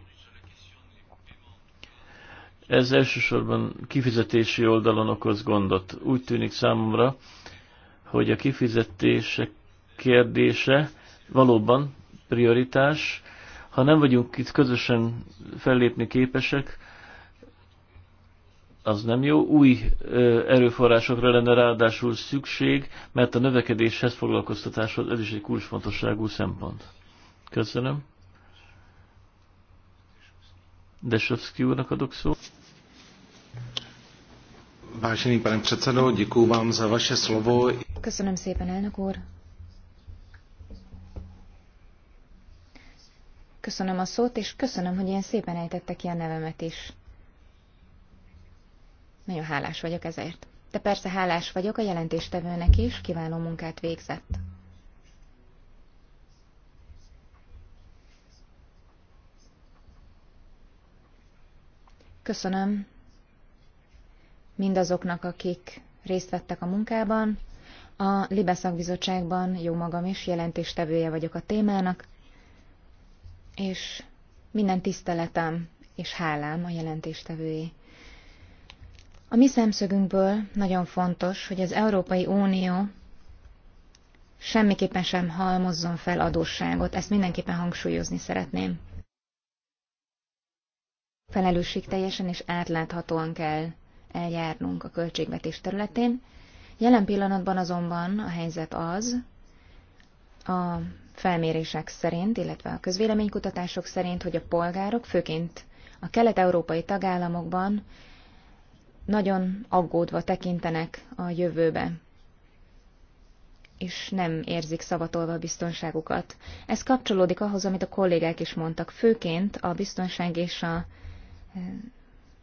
S1: ez elsősorban kifizetési oldalon okoz gondot. Úgy tűnik számomra, hogy a kifizetések kérdése valóban prioritás. Ha nem vagyunk itt közösen fellépni képesek, az nem jó. Új erőforrásokra lenne ráadásul szükség, mert a növekedéshez, foglalkoztatáshoz ez is egy kulcsfontosságú szempont. Köszönöm. Dešovský úrnak adok szó. Vážený pane předsedo, děkuji vám za vaše slovo.
S3: Köszönöm szépen, elnök úr. Köszönöm a szót, és köszönöm, hogy ilyen szépen ejtette ki a nevemet is. Nagyon hálás vagyok ezért. De persze hálás vagyok a jelentéstevőnek is, kiváló munkát végzett. Köszönöm mindazoknak, akik részt vettek a munkában. A Libe szakbizottságban jó magam is jelentéstevője vagyok a témának, és minden tiszteletem és hálám a jelentéstevői. A mi szemszögünkből nagyon fontos, hogy az Európai Unió semmiképpen sem halmozzon fel adósságot, ezt mindenképpen hangsúlyozni szeretném. Felelősségteljesen és átláthatóan kell eljárnunk a költségvetés területén. Jelen pillanatban azonban a helyzet az, a felmérések szerint, illetve a közvéleménykutatások szerint, hogy a polgárok, főként a kelet-európai tagállamokban nagyon aggódva tekintenek a jövőbe, és nem érzik szavatolva a biztonságukat. Ez kapcsolódik ahhoz, amit a kollégák is mondtak, főként a biztonság és a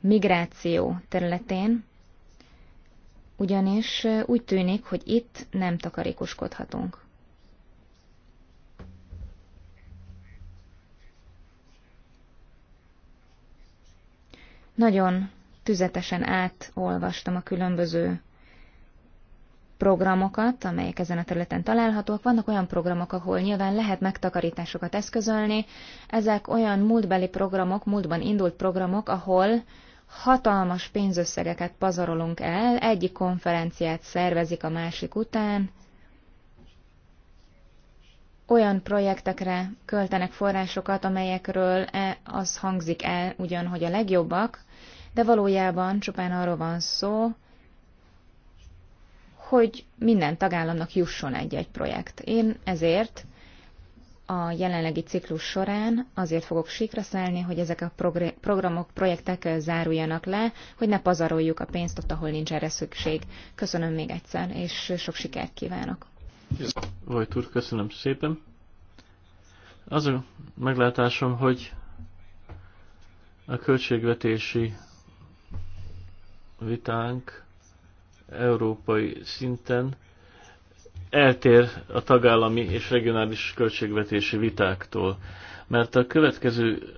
S3: migráció területén, ugyanis úgy tűnik, hogy itt nem takarékoskodhatunk. Nagyon tüzetesen átolvastam a különböző programokat, amelyek ezen a területen találhatóak. Vannak olyan programok, ahol nyilván lehet megtakarításokat eszközölni. Ezek olyan múltbeli programok, múltban indult programok, ahol hatalmas pénzösszegeket pazarolunk el, egyik konferenciát szervezik a másik után, olyan projektekre költenek forrásokat, amelyekről e, az hangzik el ugyan, hogy a legjobbak, de valójában csupán arról van szó, hogy minden tagállamnak jusson egy-egy projekt. Én ezért a jelenlegi ciklus során azért fogok síkra szállni, hogy ezek a programok, projektek záruljanak le, hogy ne pazaroljuk a pénzt ott, ahol nincs erre szükség. Köszönöm még egyszer, és sok sikert kívánok.
S1: Vajtúr, köszönöm szépen. Az a meglátásom, hogy a költségvetési vitánk európai szinten eltér a tagállami és regionális költségvetési vitáktól, mert a következő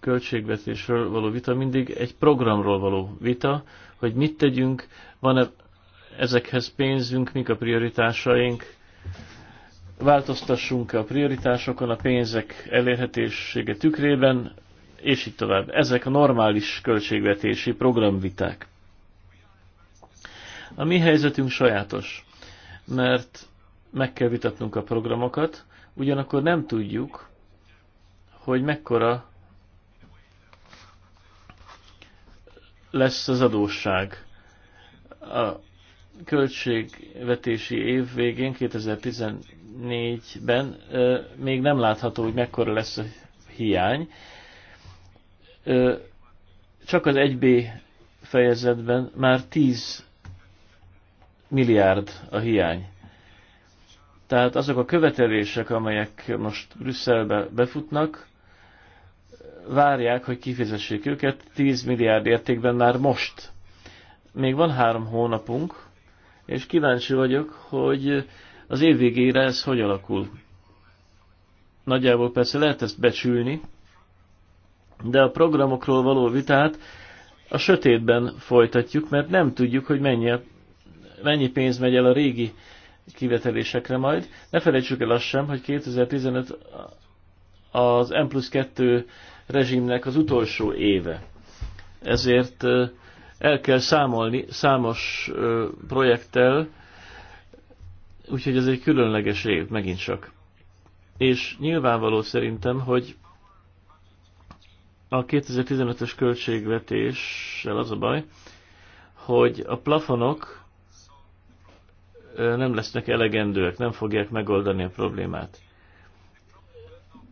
S1: költségvetésről való vita mindig egy programról való vita, hogy mit tegyünk, van-e ezekhez pénzünk, mik a prioritásaink, változtassunk -e a prioritásokon a pénzek elérhetősége tükrében, és így tovább. Ezek a normális költségvetési programviták. A mi helyzetünk sajátos, mert meg kell vitatnunk a programokat, ugyanakkor nem tudjuk, hogy mekkora lesz az adósság. A költségvetési év végén, 2014-ben még nem látható, hogy mekkora lesz a hiány. Csak az 1B fejezetben már 10 milliárd a hiány. Tehát azok a követelések, amelyek most Brüsszelbe befutnak, várják, hogy kifizessék őket 10 milliárd értékben már most. Még van három hónapunk, és kíváncsi vagyok, hogy az év végére ez hogy alakul. Nagyjából persze lehet ezt becsülni, de a programokról való vitát a sötétben folytatjuk, mert nem tudjuk, hogy mennyi a mennyi pénz megy el a régi kivetelésekre majd. Ne felejtsük el azt sem, hogy 2015 az M plusz 2 rezsimnek az utolsó éve. Ezért el kell számolni számos projekttel, úgyhogy ez egy különleges év megint csak. És nyilvánvaló szerintem, hogy a 2015-ös költségvetéssel az a baj, hogy a plafonok nem lesznek elegendőek, nem fogják megoldani a problémát.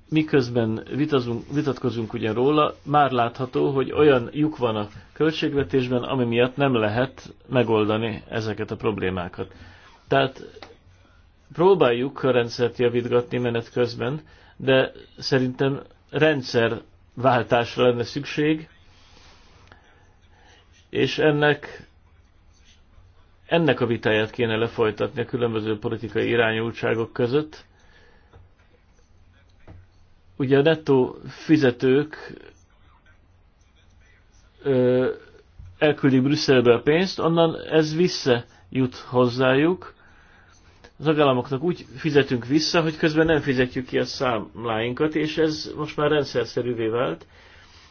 S1: Miközben vitazunk, vitatkozunk ugyan róla, már látható, hogy olyan lyuk van a költségvetésben, ami miatt nem lehet megoldani ezeket a problémákat. Tehát próbáljuk a rendszert javítgatni menet közben, de szerintem rendszerváltásra lenne szükség, és ennek ennek a vitáját kéne lefolytatni a különböző politikai irányultságok között. Ugye a nettó fizetők ö, elküldik Brüsszelbe a pénzt, onnan ez visszajut hozzájuk. Az agállamoknak úgy fizetünk vissza, hogy közben nem fizetjük ki a számláinkat, és ez most már rendszerszerűvé vált.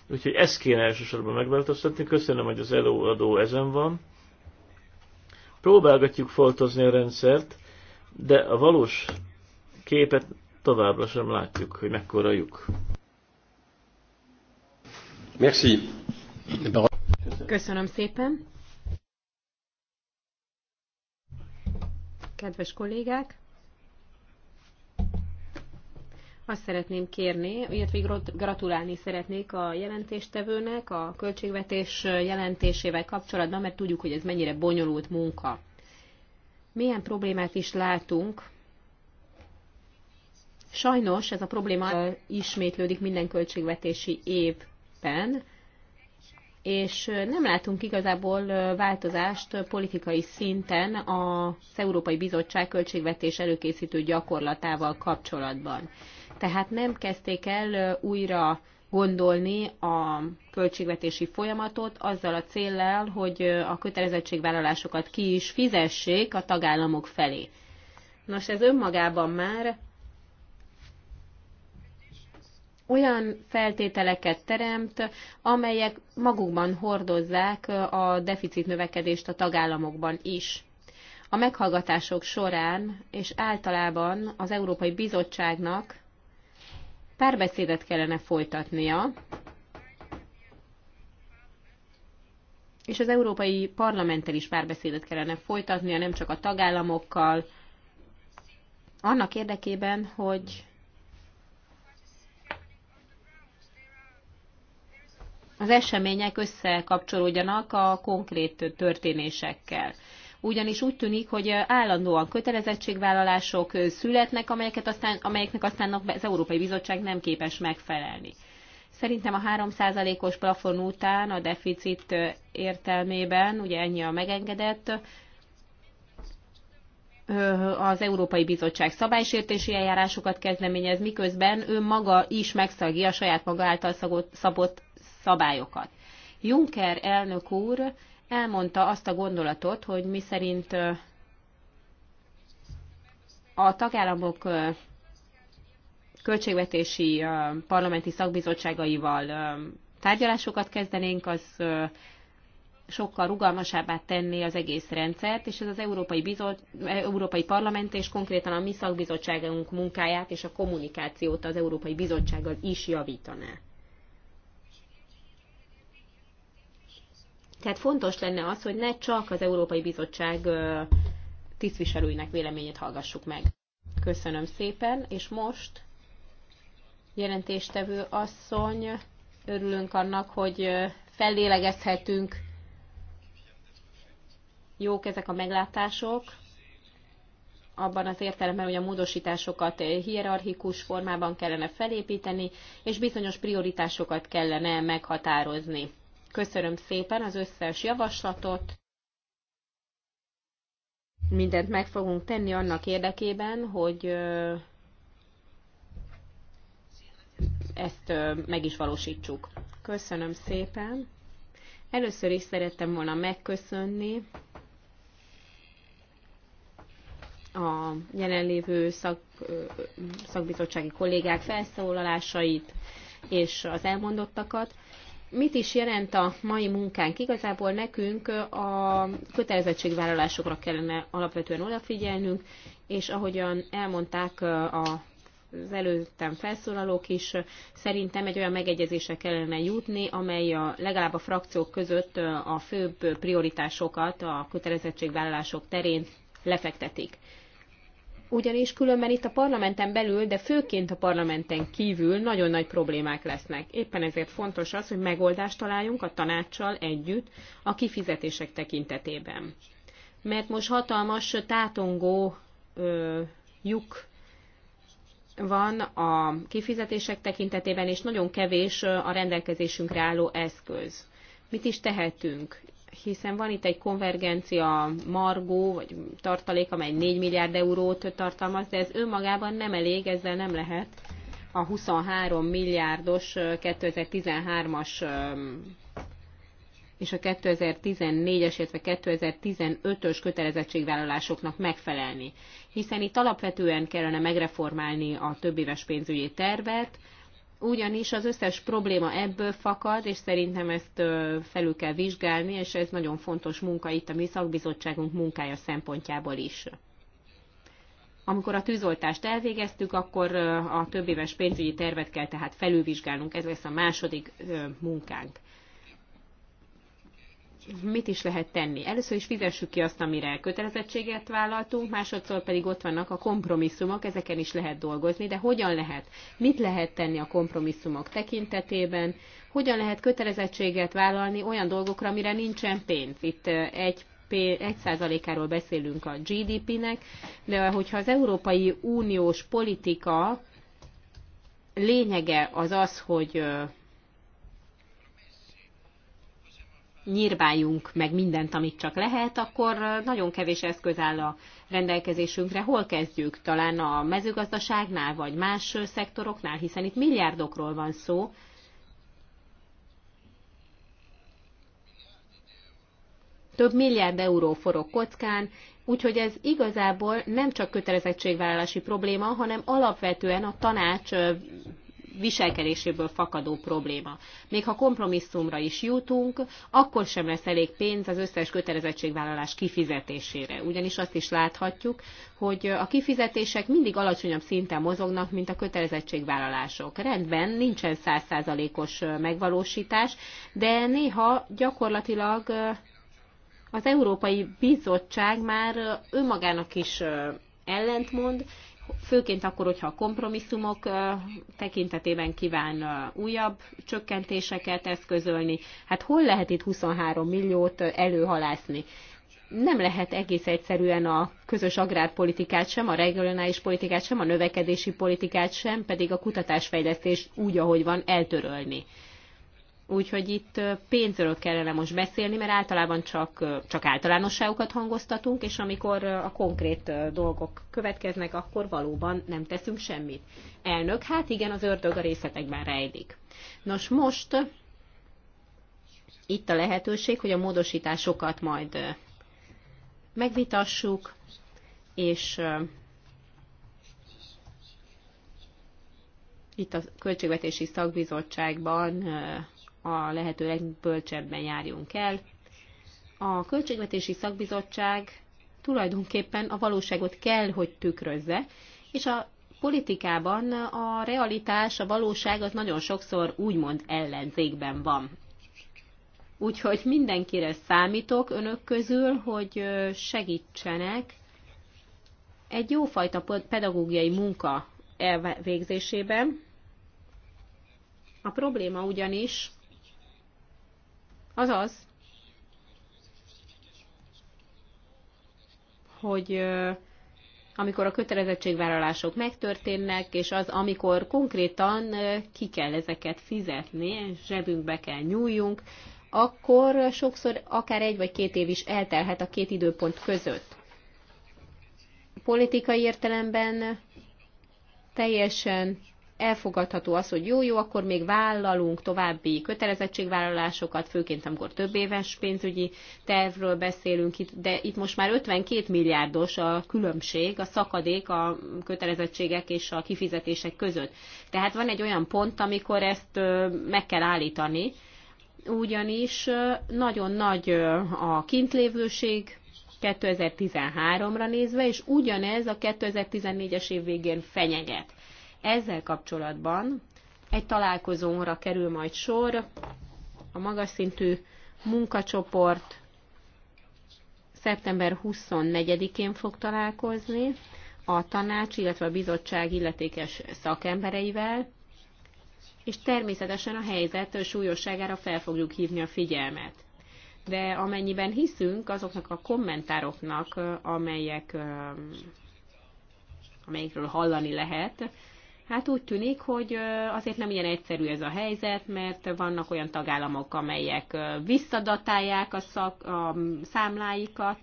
S1: Úgyhogy ezt kéne elsősorban megváltoztatni. Köszönöm, hogy az előadó ezen van Próbálgatjuk foltozni a rendszert, de a valós képet továbbra sem látjuk, hogy mekkora lyuk. Merci.
S2: Köszönöm szépen. Kedves kollégák! Azt szeretném kérni, illetve gratulálni szeretnék a jelentéstevőnek a költségvetés jelentésével kapcsolatban, mert tudjuk, hogy ez mennyire bonyolult munka. Milyen problémát is látunk? Sajnos ez a probléma ismétlődik minden költségvetési évben, és nem látunk igazából változást politikai szinten az Európai Bizottság költségvetés előkészítő gyakorlatával kapcsolatban. Tehát nem kezdték el újra gondolni a költségvetési folyamatot azzal a céllal, hogy a kötelezettségvállalásokat ki is fizessék a tagállamok felé. Nos, ez önmagában már olyan feltételeket teremt, amelyek magukban hordozzák a deficit növekedést a tagállamokban is. A meghallgatások során és általában az Európai Bizottságnak párbeszédet kellene folytatnia, és az Európai Parlamenttel is párbeszédet kellene folytatnia, nem csak a tagállamokkal, annak érdekében, hogy az események összekapcsolódjanak a konkrét történésekkel. Ugyanis úgy tűnik, hogy állandóan kötelezettségvállalások születnek, amelyeket aztán, amelyeknek aztán az Európai Bizottság nem képes megfelelni. Szerintem a 3%-os plafon után a deficit értelmében, ugye ennyi a megengedett, az Európai Bizottság szabálysértési eljárásokat kezdeményez, miközben ő maga is megszagja a saját maga által szabott szabályokat. Juncker elnök úr elmondta azt a gondolatot, hogy mi szerint a tagállamok költségvetési parlamenti szakbizottságaival tárgyalásokat kezdenénk, az sokkal rugalmasabbá tenni az egész rendszert, és ez az Európai, Bizot, Európai Parlament és konkrétan a mi szakbizottságunk munkáját és a kommunikációt az Európai Bizottsággal is javítaná. Tehát fontos lenne az, hogy ne csak az Európai Bizottság tisztviselőinek véleményét hallgassuk meg. Köszönöm szépen, és most jelentéstevő asszony, örülünk annak, hogy fellélegezhetünk. Jók ezek a meglátások, abban az értelemben, hogy a módosításokat hierarchikus formában kellene felépíteni, és bizonyos prioritásokat kellene meghatározni. Köszönöm szépen az összes javaslatot. Mindent meg fogunk tenni annak érdekében, hogy ezt meg is valósítsuk. Köszönöm szépen. Először is szerettem volna megköszönni a jelenlévő szak, szakbizottsági kollégák felszólalásait és az elmondottakat mit is jelent a mai munkánk? Igazából nekünk a kötelezettségvállalásokra kellene alapvetően odafigyelnünk, és ahogyan elmondták a az előttem felszólalók is, szerintem egy olyan megegyezésre kellene jutni, amely a, legalább a frakciók között a főbb prioritásokat a kötelezettségvállalások terén lefektetik ugyanis különben itt a parlamenten belül, de főként a parlamenten kívül nagyon nagy problémák lesznek. Éppen ezért fontos az, hogy megoldást találjunk a tanácssal együtt a kifizetések tekintetében. Mert most hatalmas tátongó ö, lyuk van a kifizetések tekintetében, és nagyon kevés a rendelkezésünkre álló eszköz. Mit is tehetünk? hiszen van itt egy konvergencia margó, vagy tartalék, amely 4 milliárd eurót tartalmaz, de ez önmagában nem elég, ezzel nem lehet a 23 milliárdos 2013-as és a 2014-es, illetve 2015-ös kötelezettségvállalásoknak megfelelni. Hiszen itt alapvetően kellene megreformálni a többéves pénzügyi tervet, ugyanis az összes probléma ebből fakad, és szerintem ezt felül kell vizsgálni, és ez nagyon fontos munka itt a mi szakbizottságunk munkája szempontjából is. Amikor a tűzoltást elvégeztük, akkor a többéves pénzügyi tervet kell tehát felülvizsgálnunk, ez lesz a második munkánk mit is lehet tenni. Először is fizessük ki azt, amire kötelezettséget vállaltunk, másodszor pedig ott vannak a kompromisszumok, ezeken is lehet dolgozni, de hogyan lehet, mit lehet tenni a kompromisszumok tekintetében, hogyan lehet kötelezettséget vállalni olyan dolgokra, amire nincsen pénz. Itt eh, egy egy százalékáról beszélünk a GDP-nek, de hogyha az Európai Uniós politika lényege az az, hogy eh, nyírbáljunk meg mindent, amit csak lehet, akkor nagyon kevés eszköz áll a rendelkezésünkre. Hol kezdjük? Talán a mezőgazdaságnál, vagy más szektoroknál, hiszen itt milliárdokról van szó. Több milliárd euró forog kockán, úgyhogy ez igazából nem csak kötelezettségvállalási probléma, hanem alapvetően a tanács viselkedéséből fakadó probléma. Még ha kompromisszumra is jutunk, akkor sem lesz elég pénz az összes kötelezettségvállalás kifizetésére. Ugyanis azt is láthatjuk, hogy a kifizetések mindig alacsonyabb szinten mozognak, mint a kötelezettségvállalások. Rendben, nincsen százszázalékos megvalósítás, de néha gyakorlatilag az Európai Bizottság már önmagának is ellentmond, főként akkor, hogyha a kompromisszumok tekintetében kíván újabb csökkentéseket eszközölni. Hát hol lehet itt 23 milliót előhalászni? Nem lehet egész egyszerűen a közös agrárpolitikát sem, a regionális politikát sem, a növekedési politikát sem, pedig a kutatásfejlesztést úgy, ahogy van, eltörölni. Úgyhogy itt pénzről kellene most beszélni, mert általában csak, csak általánosságokat hangoztatunk, és amikor a konkrét dolgok következnek, akkor valóban nem teszünk semmit. Elnök, hát igen, az ördög a részletekben rejlik. Nos, most itt a lehetőség, hogy a módosításokat majd megvitassuk, és itt a Költségvetési Szakbizottságban a lehető legbölcsebben járjunk el. A Költségvetési Szakbizottság tulajdonképpen a valóságot kell, hogy tükrözze, és a politikában a realitás, a valóság az nagyon sokszor úgymond ellenzékben van. Úgyhogy mindenkire számítok önök közül, hogy segítsenek egy jófajta pedagógiai munka elvégzésében. A probléma ugyanis Azaz, hogy amikor a kötelezettségvállalások megtörténnek, és az, amikor konkrétan ki kell ezeket fizetni, zsebünkbe kell nyúljunk, akkor sokszor akár egy vagy két év is eltelhet a két időpont között. Politikai értelemben teljesen elfogadható az, hogy jó-jó, akkor még vállalunk további kötelezettségvállalásokat, főként amikor több éves pénzügyi tervről beszélünk, de itt most már 52 milliárdos a különbség, a szakadék a kötelezettségek és a kifizetések között. Tehát van egy olyan pont, amikor ezt meg kell állítani, ugyanis nagyon nagy a kintlévőség, 2013-ra nézve, és ugyanez a 2014-es év végén fenyeget. Ezzel kapcsolatban egy találkozónra kerül majd sor a magas szintű munkacsoport szeptember 24-én fog találkozni a tanács, illetve a bizottság illetékes szakembereivel, és természetesen a helyzet súlyosságára fel fogjuk hívni a figyelmet. De amennyiben hiszünk azoknak a kommentároknak, amelyek, um, amelyekről hallani lehet, Hát úgy tűnik, hogy azért nem ilyen egyszerű ez a helyzet, mert vannak olyan tagállamok, amelyek visszadatálják a, szak, a számláikat,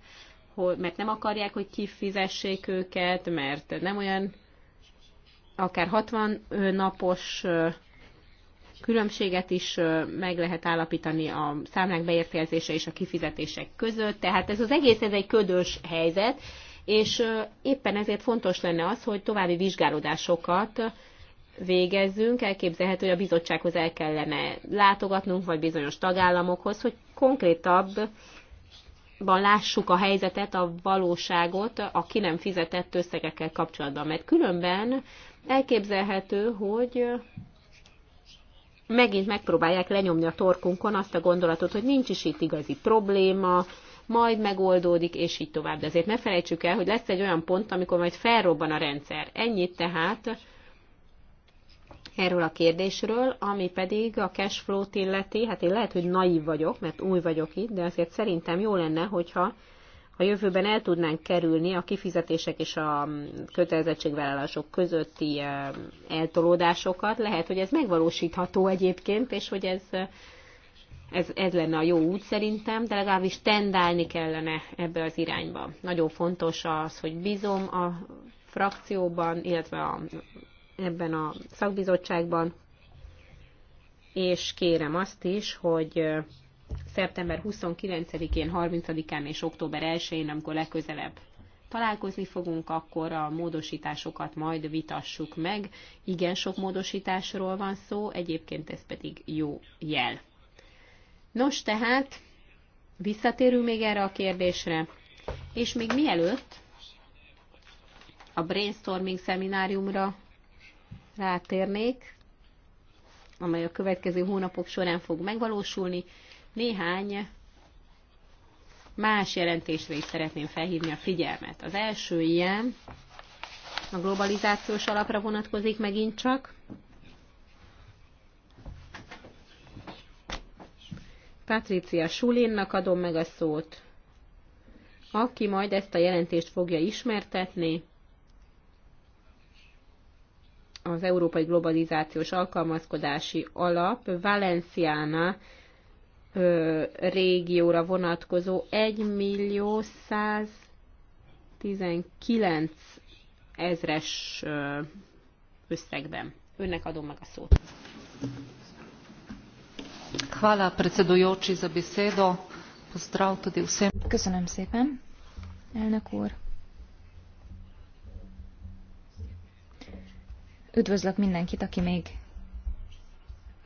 S2: mert nem akarják, hogy kifizessék őket, mert nem olyan akár 60 napos különbséget is meg lehet állapítani a számlák beérkezése és a kifizetések között. Tehát ez az egész ez egy ködös helyzet, és éppen ezért fontos lenne az, hogy további vizsgálódásokat végezzünk, elképzelhető, hogy a bizottsághoz el kellene látogatnunk, vagy bizonyos tagállamokhoz, hogy konkrétabb lássuk a helyzetet, a valóságot a ki nem fizetett összegekkel kapcsolatban, mert különben elképzelhető, hogy megint megpróbálják lenyomni a torkunkon azt a gondolatot, hogy nincs is itt igazi probléma, majd megoldódik, és így tovább. De azért ne felejtsük el, hogy lesz egy olyan pont, amikor majd felrobban a rendszer. Ennyit tehát erről a kérdésről, ami pedig a cash flow-t illeti, hát én lehet, hogy naív vagyok, mert új vagyok itt, de azért szerintem jó lenne, hogyha a jövőben el tudnánk kerülni a kifizetések és a kötelezettségvállalások közötti eltolódásokat. Lehet, hogy ez megvalósítható egyébként, és hogy ez ez, ez lenne a jó út szerintem, de legalábbis tendálni kellene ebbe az irányba. Nagyon fontos az, hogy bízom a frakcióban, illetve a, ebben a szakbizottságban, és kérem azt is, hogy szeptember 29-én, 30-án és október 1-én, amikor legközelebb találkozni fogunk, akkor a módosításokat majd vitassuk meg. Igen, sok módosításról van szó, egyébként ez pedig jó jel. Nos tehát, visszatérünk még erre a kérdésre, és még mielőtt a brainstorming szemináriumra rátérnék, amely a következő hónapok során fog megvalósulni, néhány más jelentésre is szeretném felhívni a figyelmet. Az első ilyen a globalizációs alapra vonatkozik megint csak, Patricia Sulinnak adom meg a szót, aki majd ezt a jelentést fogja ismertetni az Európai Globalizációs Alkalmazkodási Alap Valenciána ö, régióra vonatkozó 1 millió 119 ezres ö, összegben. Önnek adom meg a szót.
S3: Pozdrav tudi vsem. Köszönöm szépen, elnök úr. Üdvözlök mindenkit, aki még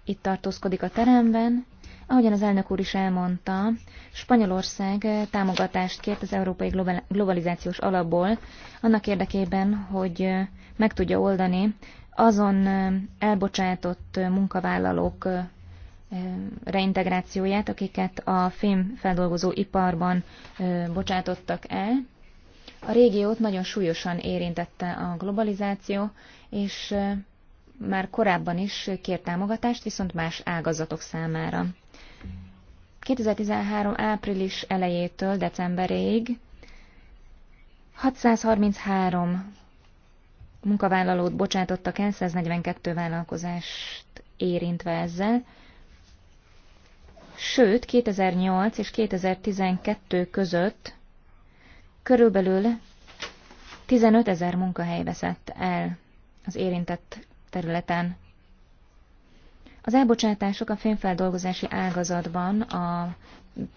S3: itt tartózkodik a teremben. Ahogyan az elnök úr is elmondta, Spanyolország támogatást kért az Európai Globalizációs Alapból annak érdekében, hogy meg tudja oldani azon elbocsátott munkavállalók reintegrációját, akiket a fémfeldolgozó iparban bocsátottak el. A régiót nagyon súlyosan érintette a globalizáció, és már korábban is kért támogatást, viszont más ágazatok számára. 2013. április elejétől decemberéig 633 munkavállalót bocsátottak el, 142 vállalkozást érintve ezzel, sőt 2008 és 2012 között körülbelül 15 ezer munkahely veszett el az érintett területen. Az elbocsátások a fényfeldolgozási ágazatban a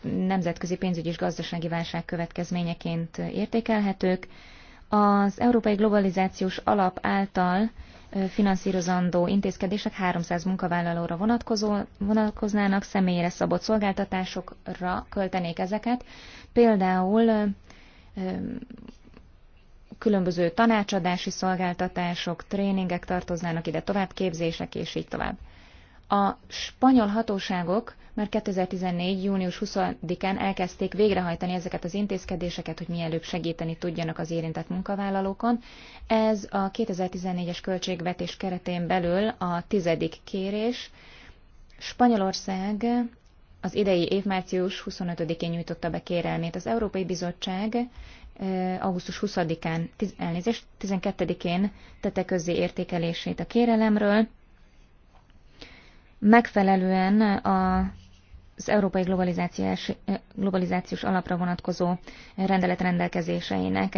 S3: nemzetközi pénzügyi és gazdasági válság következményeként értékelhetők, az Európai Globalizációs Alap által finanszírozandó intézkedések 300 munkavállalóra vonatkozó, vonatkoznának, személyre szabott szolgáltatásokra költenék ezeket, például különböző tanácsadási szolgáltatások, tréningek tartoznának ide, továbbképzések és így tovább. A spanyol hatóságok már 2014. június 20-án elkezdték végrehajtani ezeket az intézkedéseket, hogy mielőbb segíteni tudjanak az érintett munkavállalókon. Ez a 2014-es költségvetés keretén belül a tizedik kérés. Spanyolország az idei év március 25-én nyújtotta be kérelmét. Az Európai Bizottság augusztus 20-án, elnézést, 12-én tette közzé értékelését a kérelemről megfelelően a az európai globalizációs, globalizációs alapra vonatkozó rendelet rendelkezéseinek.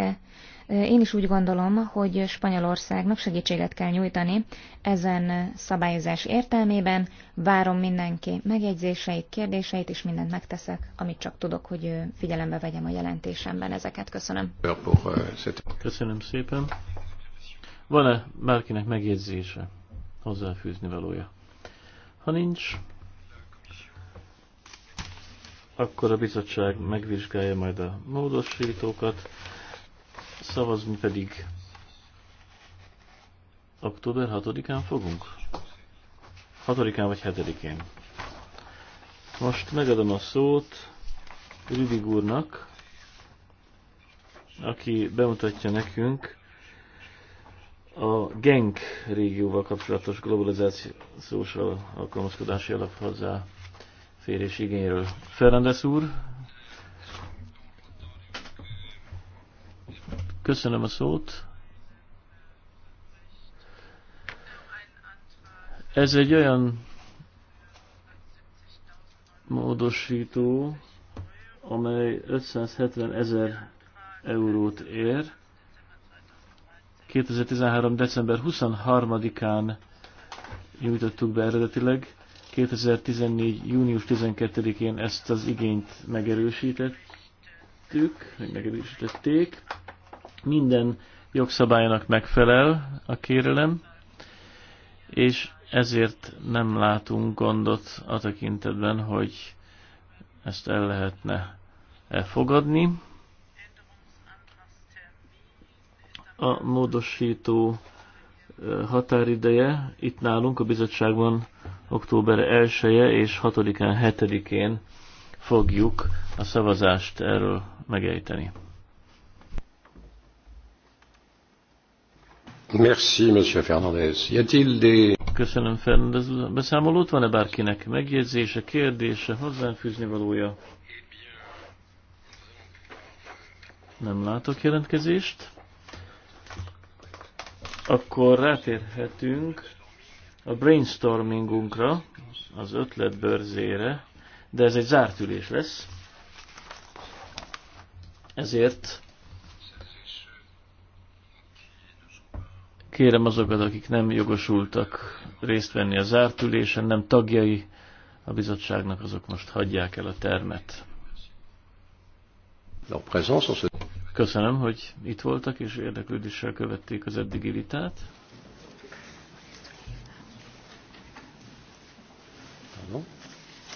S3: Én is úgy gondolom, hogy Spanyolországnak segítséget kell nyújtani ezen szabályozás értelmében. Várom mindenki megjegyzéseit, kérdéseit, és mindent megteszek, amit csak tudok, hogy figyelembe vegyem a jelentésemben ezeket. Köszönöm.
S1: Köszönöm szépen. Van-e bárkinek megjegyzése, hozzáfűzni valója? Ha nincs, akkor a bizottság megvizsgálja majd a módosítókat, szavazni pedig október 6-án fogunk? 6-án vagy 7-én. Most megadom a szót Rüdig úrnak, aki bemutatja nekünk a GENK régióval kapcsolatos globalizációs alkalmazkodási alap hozzáférés igényről. Ferendes úr, köszönöm a szót. Ez egy olyan módosító, amely 570 ezer eurót ér, 2013. december 23-án nyújtottuk be eredetileg, 2014. június 12-én ezt az igényt megerősítettük, vagy megerősítették. Minden jogszabálynak megfelel a kérelem, és ezért nem látunk gondot a tekintetben, hogy ezt el lehetne elfogadni. a módosító határideje itt nálunk a bizottságban október 1-e és 6-án, 7-én fogjuk a szavazást erről megejteni. Merci, Monsieur Fernandez. Y a-t-il des... Köszönöm, Fernandez. Beszámolót van-e bárkinek? Megjegyzése, kérdése, hozzáfűzni valója? Nem látok jelentkezést. Akkor rátérhetünk a brainstormingunkra, az ötletbörzére, de ez egy zárt ülés lesz. Ezért kérem azokat, akik nem jogosultak részt venni a zárt ülésen, nem tagjai a bizottságnak, azok most hagyják el a termet. Köszönöm, hogy itt voltak és érdeklődéssel követték az eddigi vitát. Hello.